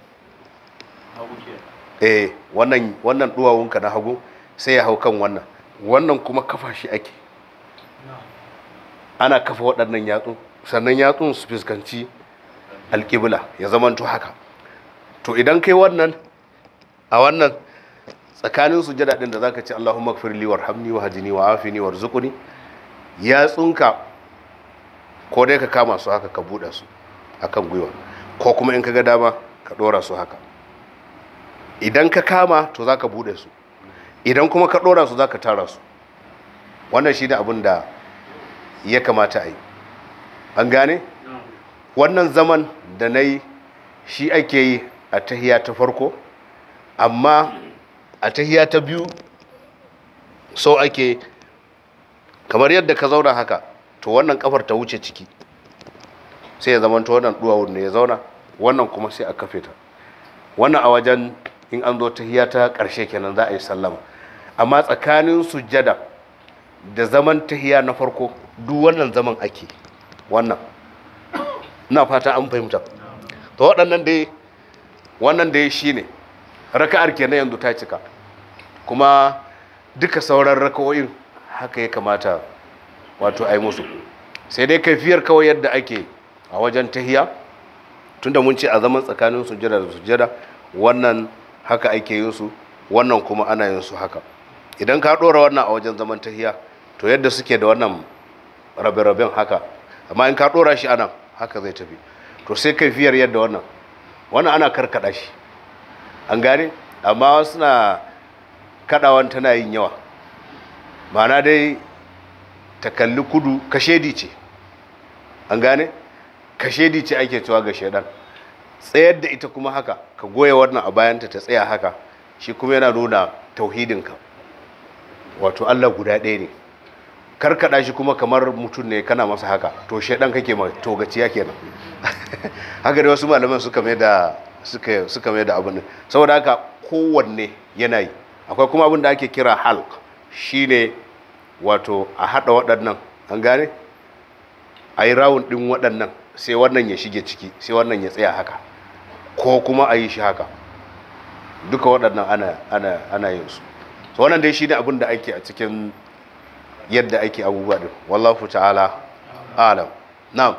eh wannan duwawunka na hagu sai ya hau kan wannan wannan kuma kafa shi ake ana kafa waɗannan yatsu sannan yatsun su fuskanci alƙibla ya zamanto haka to idan kai wannan a wannan tsakanin sujada din da zaka ce Allahumma ighfirli warhamni hafi wa'afini warzuqni ya tsunka ko dai ka kama su haka ka buɗe su akan gwiwa ko kuma in ka ga dama ka ɗora su haka idan ka kama to zaka buɗe su idan kuma ka ɗora su za ka tara su wannan shi ne abin da ya kamata a yi an gane wannan zaman da na yi shi ake yi a tahiya ta farko amma a tahiya ta biyu so ake kamar yadda ka zauna haka to wannan kafar ta wuce ciki sai ya zama wannan duwawun ne ya zauna wannan kuma sai a kafe ta wannan a wajen in an zo tahiya ta ƙarshe kenan za a yi sallama amma tsakanin sujjada da zaman tahiya na farko duk wannan zaman ake wannan na fata an fahimta to waɗannan dai wannan dai shine raka'ar kenan yanzu ta cika kuma duka sauran raka'o'in haka ya kamata wato ai musu sai dai kafiyar kawai yadda ake a wajen tahiya tunda mun ce a zaman tsakanin sujjada da sujjada wannan haka ake yin su wannan kuma ana yin su haka idan ka ɗora wannan a wajen zaman tahiya to yadda suke da wannan rabe-raben haka amma in ka ɗora shi anan haka zai tafi to sai kai fiyar yadda wannan wannan ana karkaɗa shi an gane amma suna kadawan tana yin yawa ma'ana dai ta kalli kudu kashedi ce an gane kashedi ce ake cewa ga shaidan tsayar da ita kuma haka ka goya wannan a bayanta ta tsaya haka shi kuma yana nuna tauhidinka wato Allah guda ɗaya ne karkada shi kuma kamar mutum ne kana masa haka to shaidan kake ma to gaciya kenan [laughs] haka da wasu malaman suka mai da suka suka mai da abin saboda haka kowanne yana yi akwai kuma abin da ake kira shi shine wato a hada waɗannan an gane a yi rawun ɗin waɗannan sai wannan ya shige ciki sai wannan ya tsaya haka ko kuma a yi shi haka duka waɗannan ana ana ana yin su to wannan dai shine abin da ake a cikin yadda ake abubuwa din wallahu ta'ala alam na'am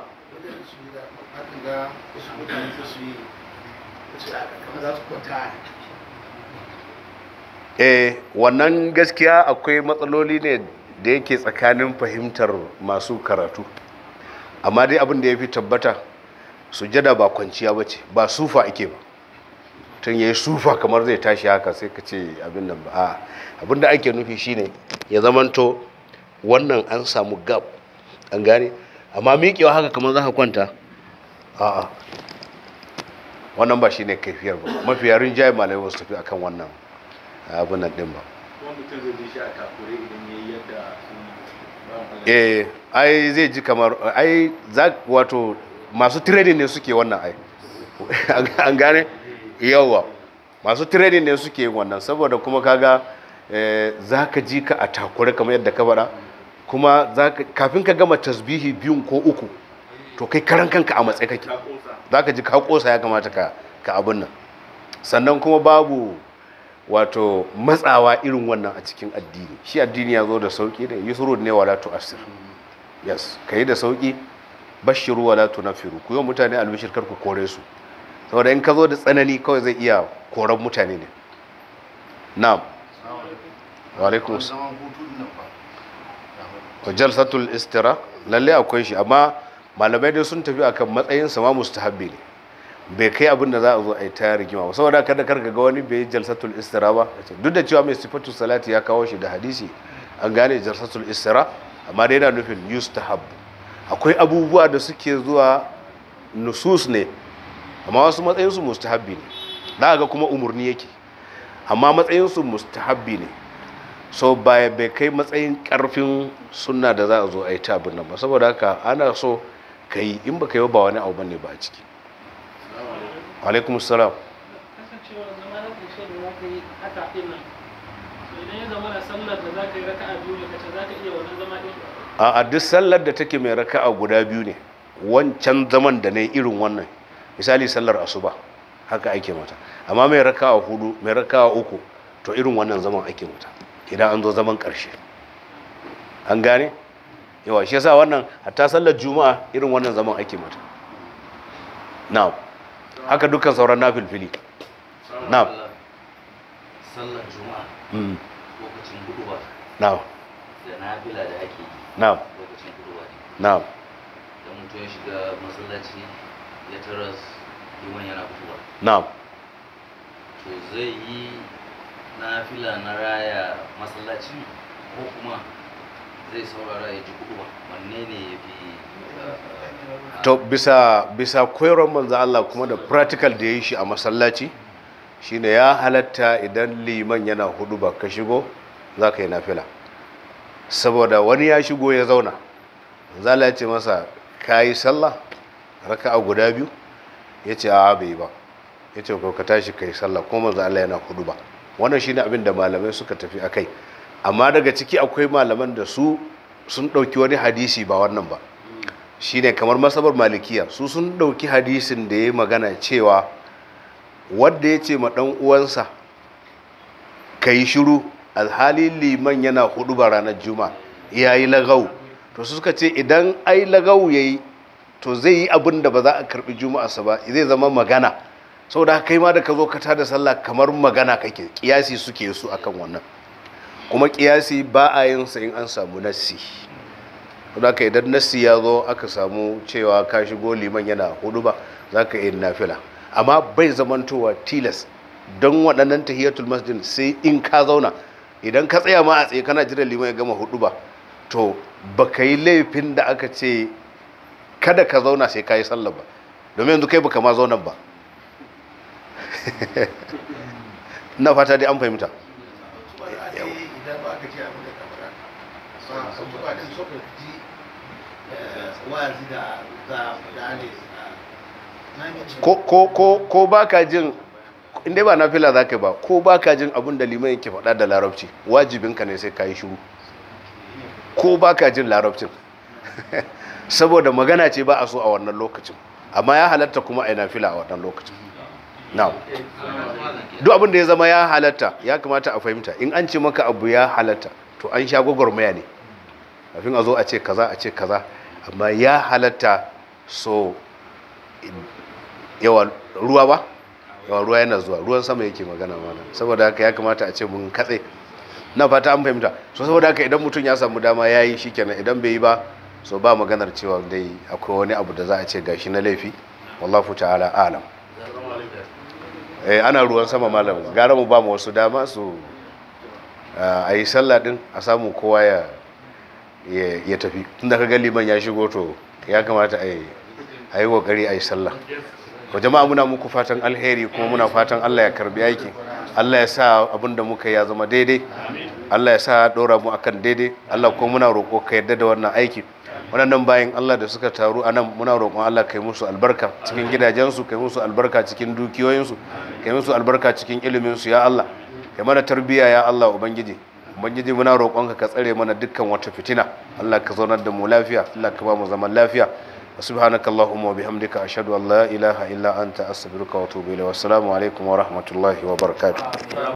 eh wannan gaskiya akwai matsaloli ne da yake tsakanin fahimtar masu karatu amma dai abin da ya fi tabbata sujada ba kwanciya bace ba sufa ake ba tun ya yi sufa kamar zai tashi haka sai ka ce abin nan ba abin da ake nufi shine ya zamanto wannan an samu gab an gane amma miƙewa haka kamar za ka kwanta a'a wannan ba shine kaifiyar ba mafi yarin jayi malai wasu tafi akan wannan ah, abin nan din ba eh ai zai ji kamar ai wato masu trading ne suke wannan ai [laughs] an gane yawa masu training ne suke yin wannan saboda kuma kaga eh, za ka ji ka a takure kamar yadda ka bara kuma kafin ka gama tasbihi biyun ko uku to kai karan kanka a matsayi kake za ka ji ka kosa ya kamata ka abin nan sannan kuma babu wato matsawa irin wannan a cikin addini shi addini ya zo da sauki da yusru ne wala tu asir yes yi da sauki bashiru wala tunafiru ku yi mutane albishir kar ku kore su saboda in ka zo da tsanani kawai zai iya koran mutane ne na'am Jal jalsatul istira lalle akwai shi amma malamai dai sun tafi akan matsayin sama mustahabbi ne bai kai abin da za a zo a yi ta rigima ba saboda kada karka ga wani bai jalsatul istira ba duk da cewa mai sifatu salati ya kawo shi da hadisi an gane jalsatul istira amma dai yana nufin yustahab akwai abubuwa da suke zuwa nusus ne amma wasu matsayinsu mustahabbi ne za ga kuma umarni yake amma matsayinsu mustahabbi ne so baya bai kai matsayin karfin sunna da za a zo a yi tabin nan ba saboda haka ana so ka yi in ba ka yi ba wani abu ne ba a ciki alaikum salam a duk sallar da take mai raka'a guda biyu ne wancan zaman da na irin wannan misali sallar asuba haka ake mata amma mai rakawa hudu mai rakawa uku to irin wannan zaman ake mata idan an zo zaman karshe an gane yawa shi yasa wannan hatta sallar juma'a irin wannan zaman ake mata na'am haka dukkan sauran fili na'am sallar juma'a hmm. lokacin gudu ba na'am da nafila da ake yi na'am lokacin gudu ba na'am mutum ya shiga masallaci taras liman yana fitowa na'am to zai yi nafila na raya masallaci ko kuma zai saurara ya ji kuduwa wanne ne ya fi eh, eh, to bisa bisa koyarwar manzo Allah kuma da practical da yi shi a masallaci shine ya halatta idan liman yana hudu ba ka shigo za ka yi nafila saboda wani ya shigo ya zauna zala ce masa ka yi sallah raka'a guda biyu ya ce a bai ba ya ce ka tashi kai sallah ko manzo Allah yana hudu ba wannan shine abin da malamai suka tafi akai amma daga ciki akwai malaman da su sun ɗauki wani hadisi ba wannan ba shine kamar masabar malikiya su sun ɗauki hadisin da ya magana cewa wanda ya ce ma ɗan uwansa ka shiru alhali liman yana hudu ba ranar juma'a. yayi yi lagau to su suka ce idan ai lagau yayi to zai yi abin da ba za a karbi juma'arsa ba zai zama magana saboda kai ma da ka zo ka tada sallah kamar magana kake kiyasi suke su akan wannan kuma kiyasi ba a yin sa in an samu nassi saboda ka idan nassi ya zo aka samu cewa ka shigo liman yana hudu ba za ka yi nafila amma bai zamantowa tilas don waɗannan tahiyatul masjid sai in ka zauna idan ka tsaya ma a tsaye kana jira liman ya gama hudu ba to baka yi laifin da aka ce kada ka zauna sai ka yi sallah ba domin yanzu kai baka ma zaunan ba [laughs] na fata dai an fahimta ko ba ka jin inda ba na fila za ka ba ko ba ka jin abin da liman yake faɗa da larabci wajibinka ne sai ka yi shuru ko ba ka jin larabcin [laughs] saboda magana ce ba a so a wannan lokacin amma ya halatta kuma a nafila a wannan lokacin now duk abin da ya zama ya halatta ya kamata a fahimta in an ce maka abu ya halatta to an sha gwagwarmaya ne kafin a zo a ce kaza a ce kaza amma ya halatta so yawa ruwa ba yawa ruwa yana zuwa ruwan sama yake magana mana saboda haka ya kamata a ce mun katse na fata an fahimta so saboda haka idan mutum ya samu dama ya yi shikenan idan bai yi ba so ba maganar cewa dai akwai wani abu da za a ce gashi na laifi wallahu ta'ala alam eh ana ruwan sama malam gara mu ba mu wasu dama su eh, a yi sallah din a samu kowa ya ya tafi tunda ka ga liman ya shigo to ya kamata a yi kokari a yi sallah ko jama'a muna muku fatan alheri kuma muna fatan Allah ya karbi aiki Allah ya sa abin da muka ya zama daidai Allah ya sa dora mu akan daidai Allah ko muna roko ka yarda da wannan aiki waɗannan bayan Allah da suka taru a nan muna roƙon Allah kai musu albarka cikin gidajensu kai musu albarka cikin dukiyoyinsu kai musu albarka cikin iliminsu ya Allah kai mana tarbiyya ya Allah ubangiji ubangiji muna roƙonka ka tsare mana dukkan wata fitina Allah ka zaunar da mu lafiya Allah ka ba mu zaman lafiya سبحانك اللهم وبحمدك أشهد ilaha illa إله إلا أنت wa وأتوب إليك والسلام wa ورحمة wa وبركاته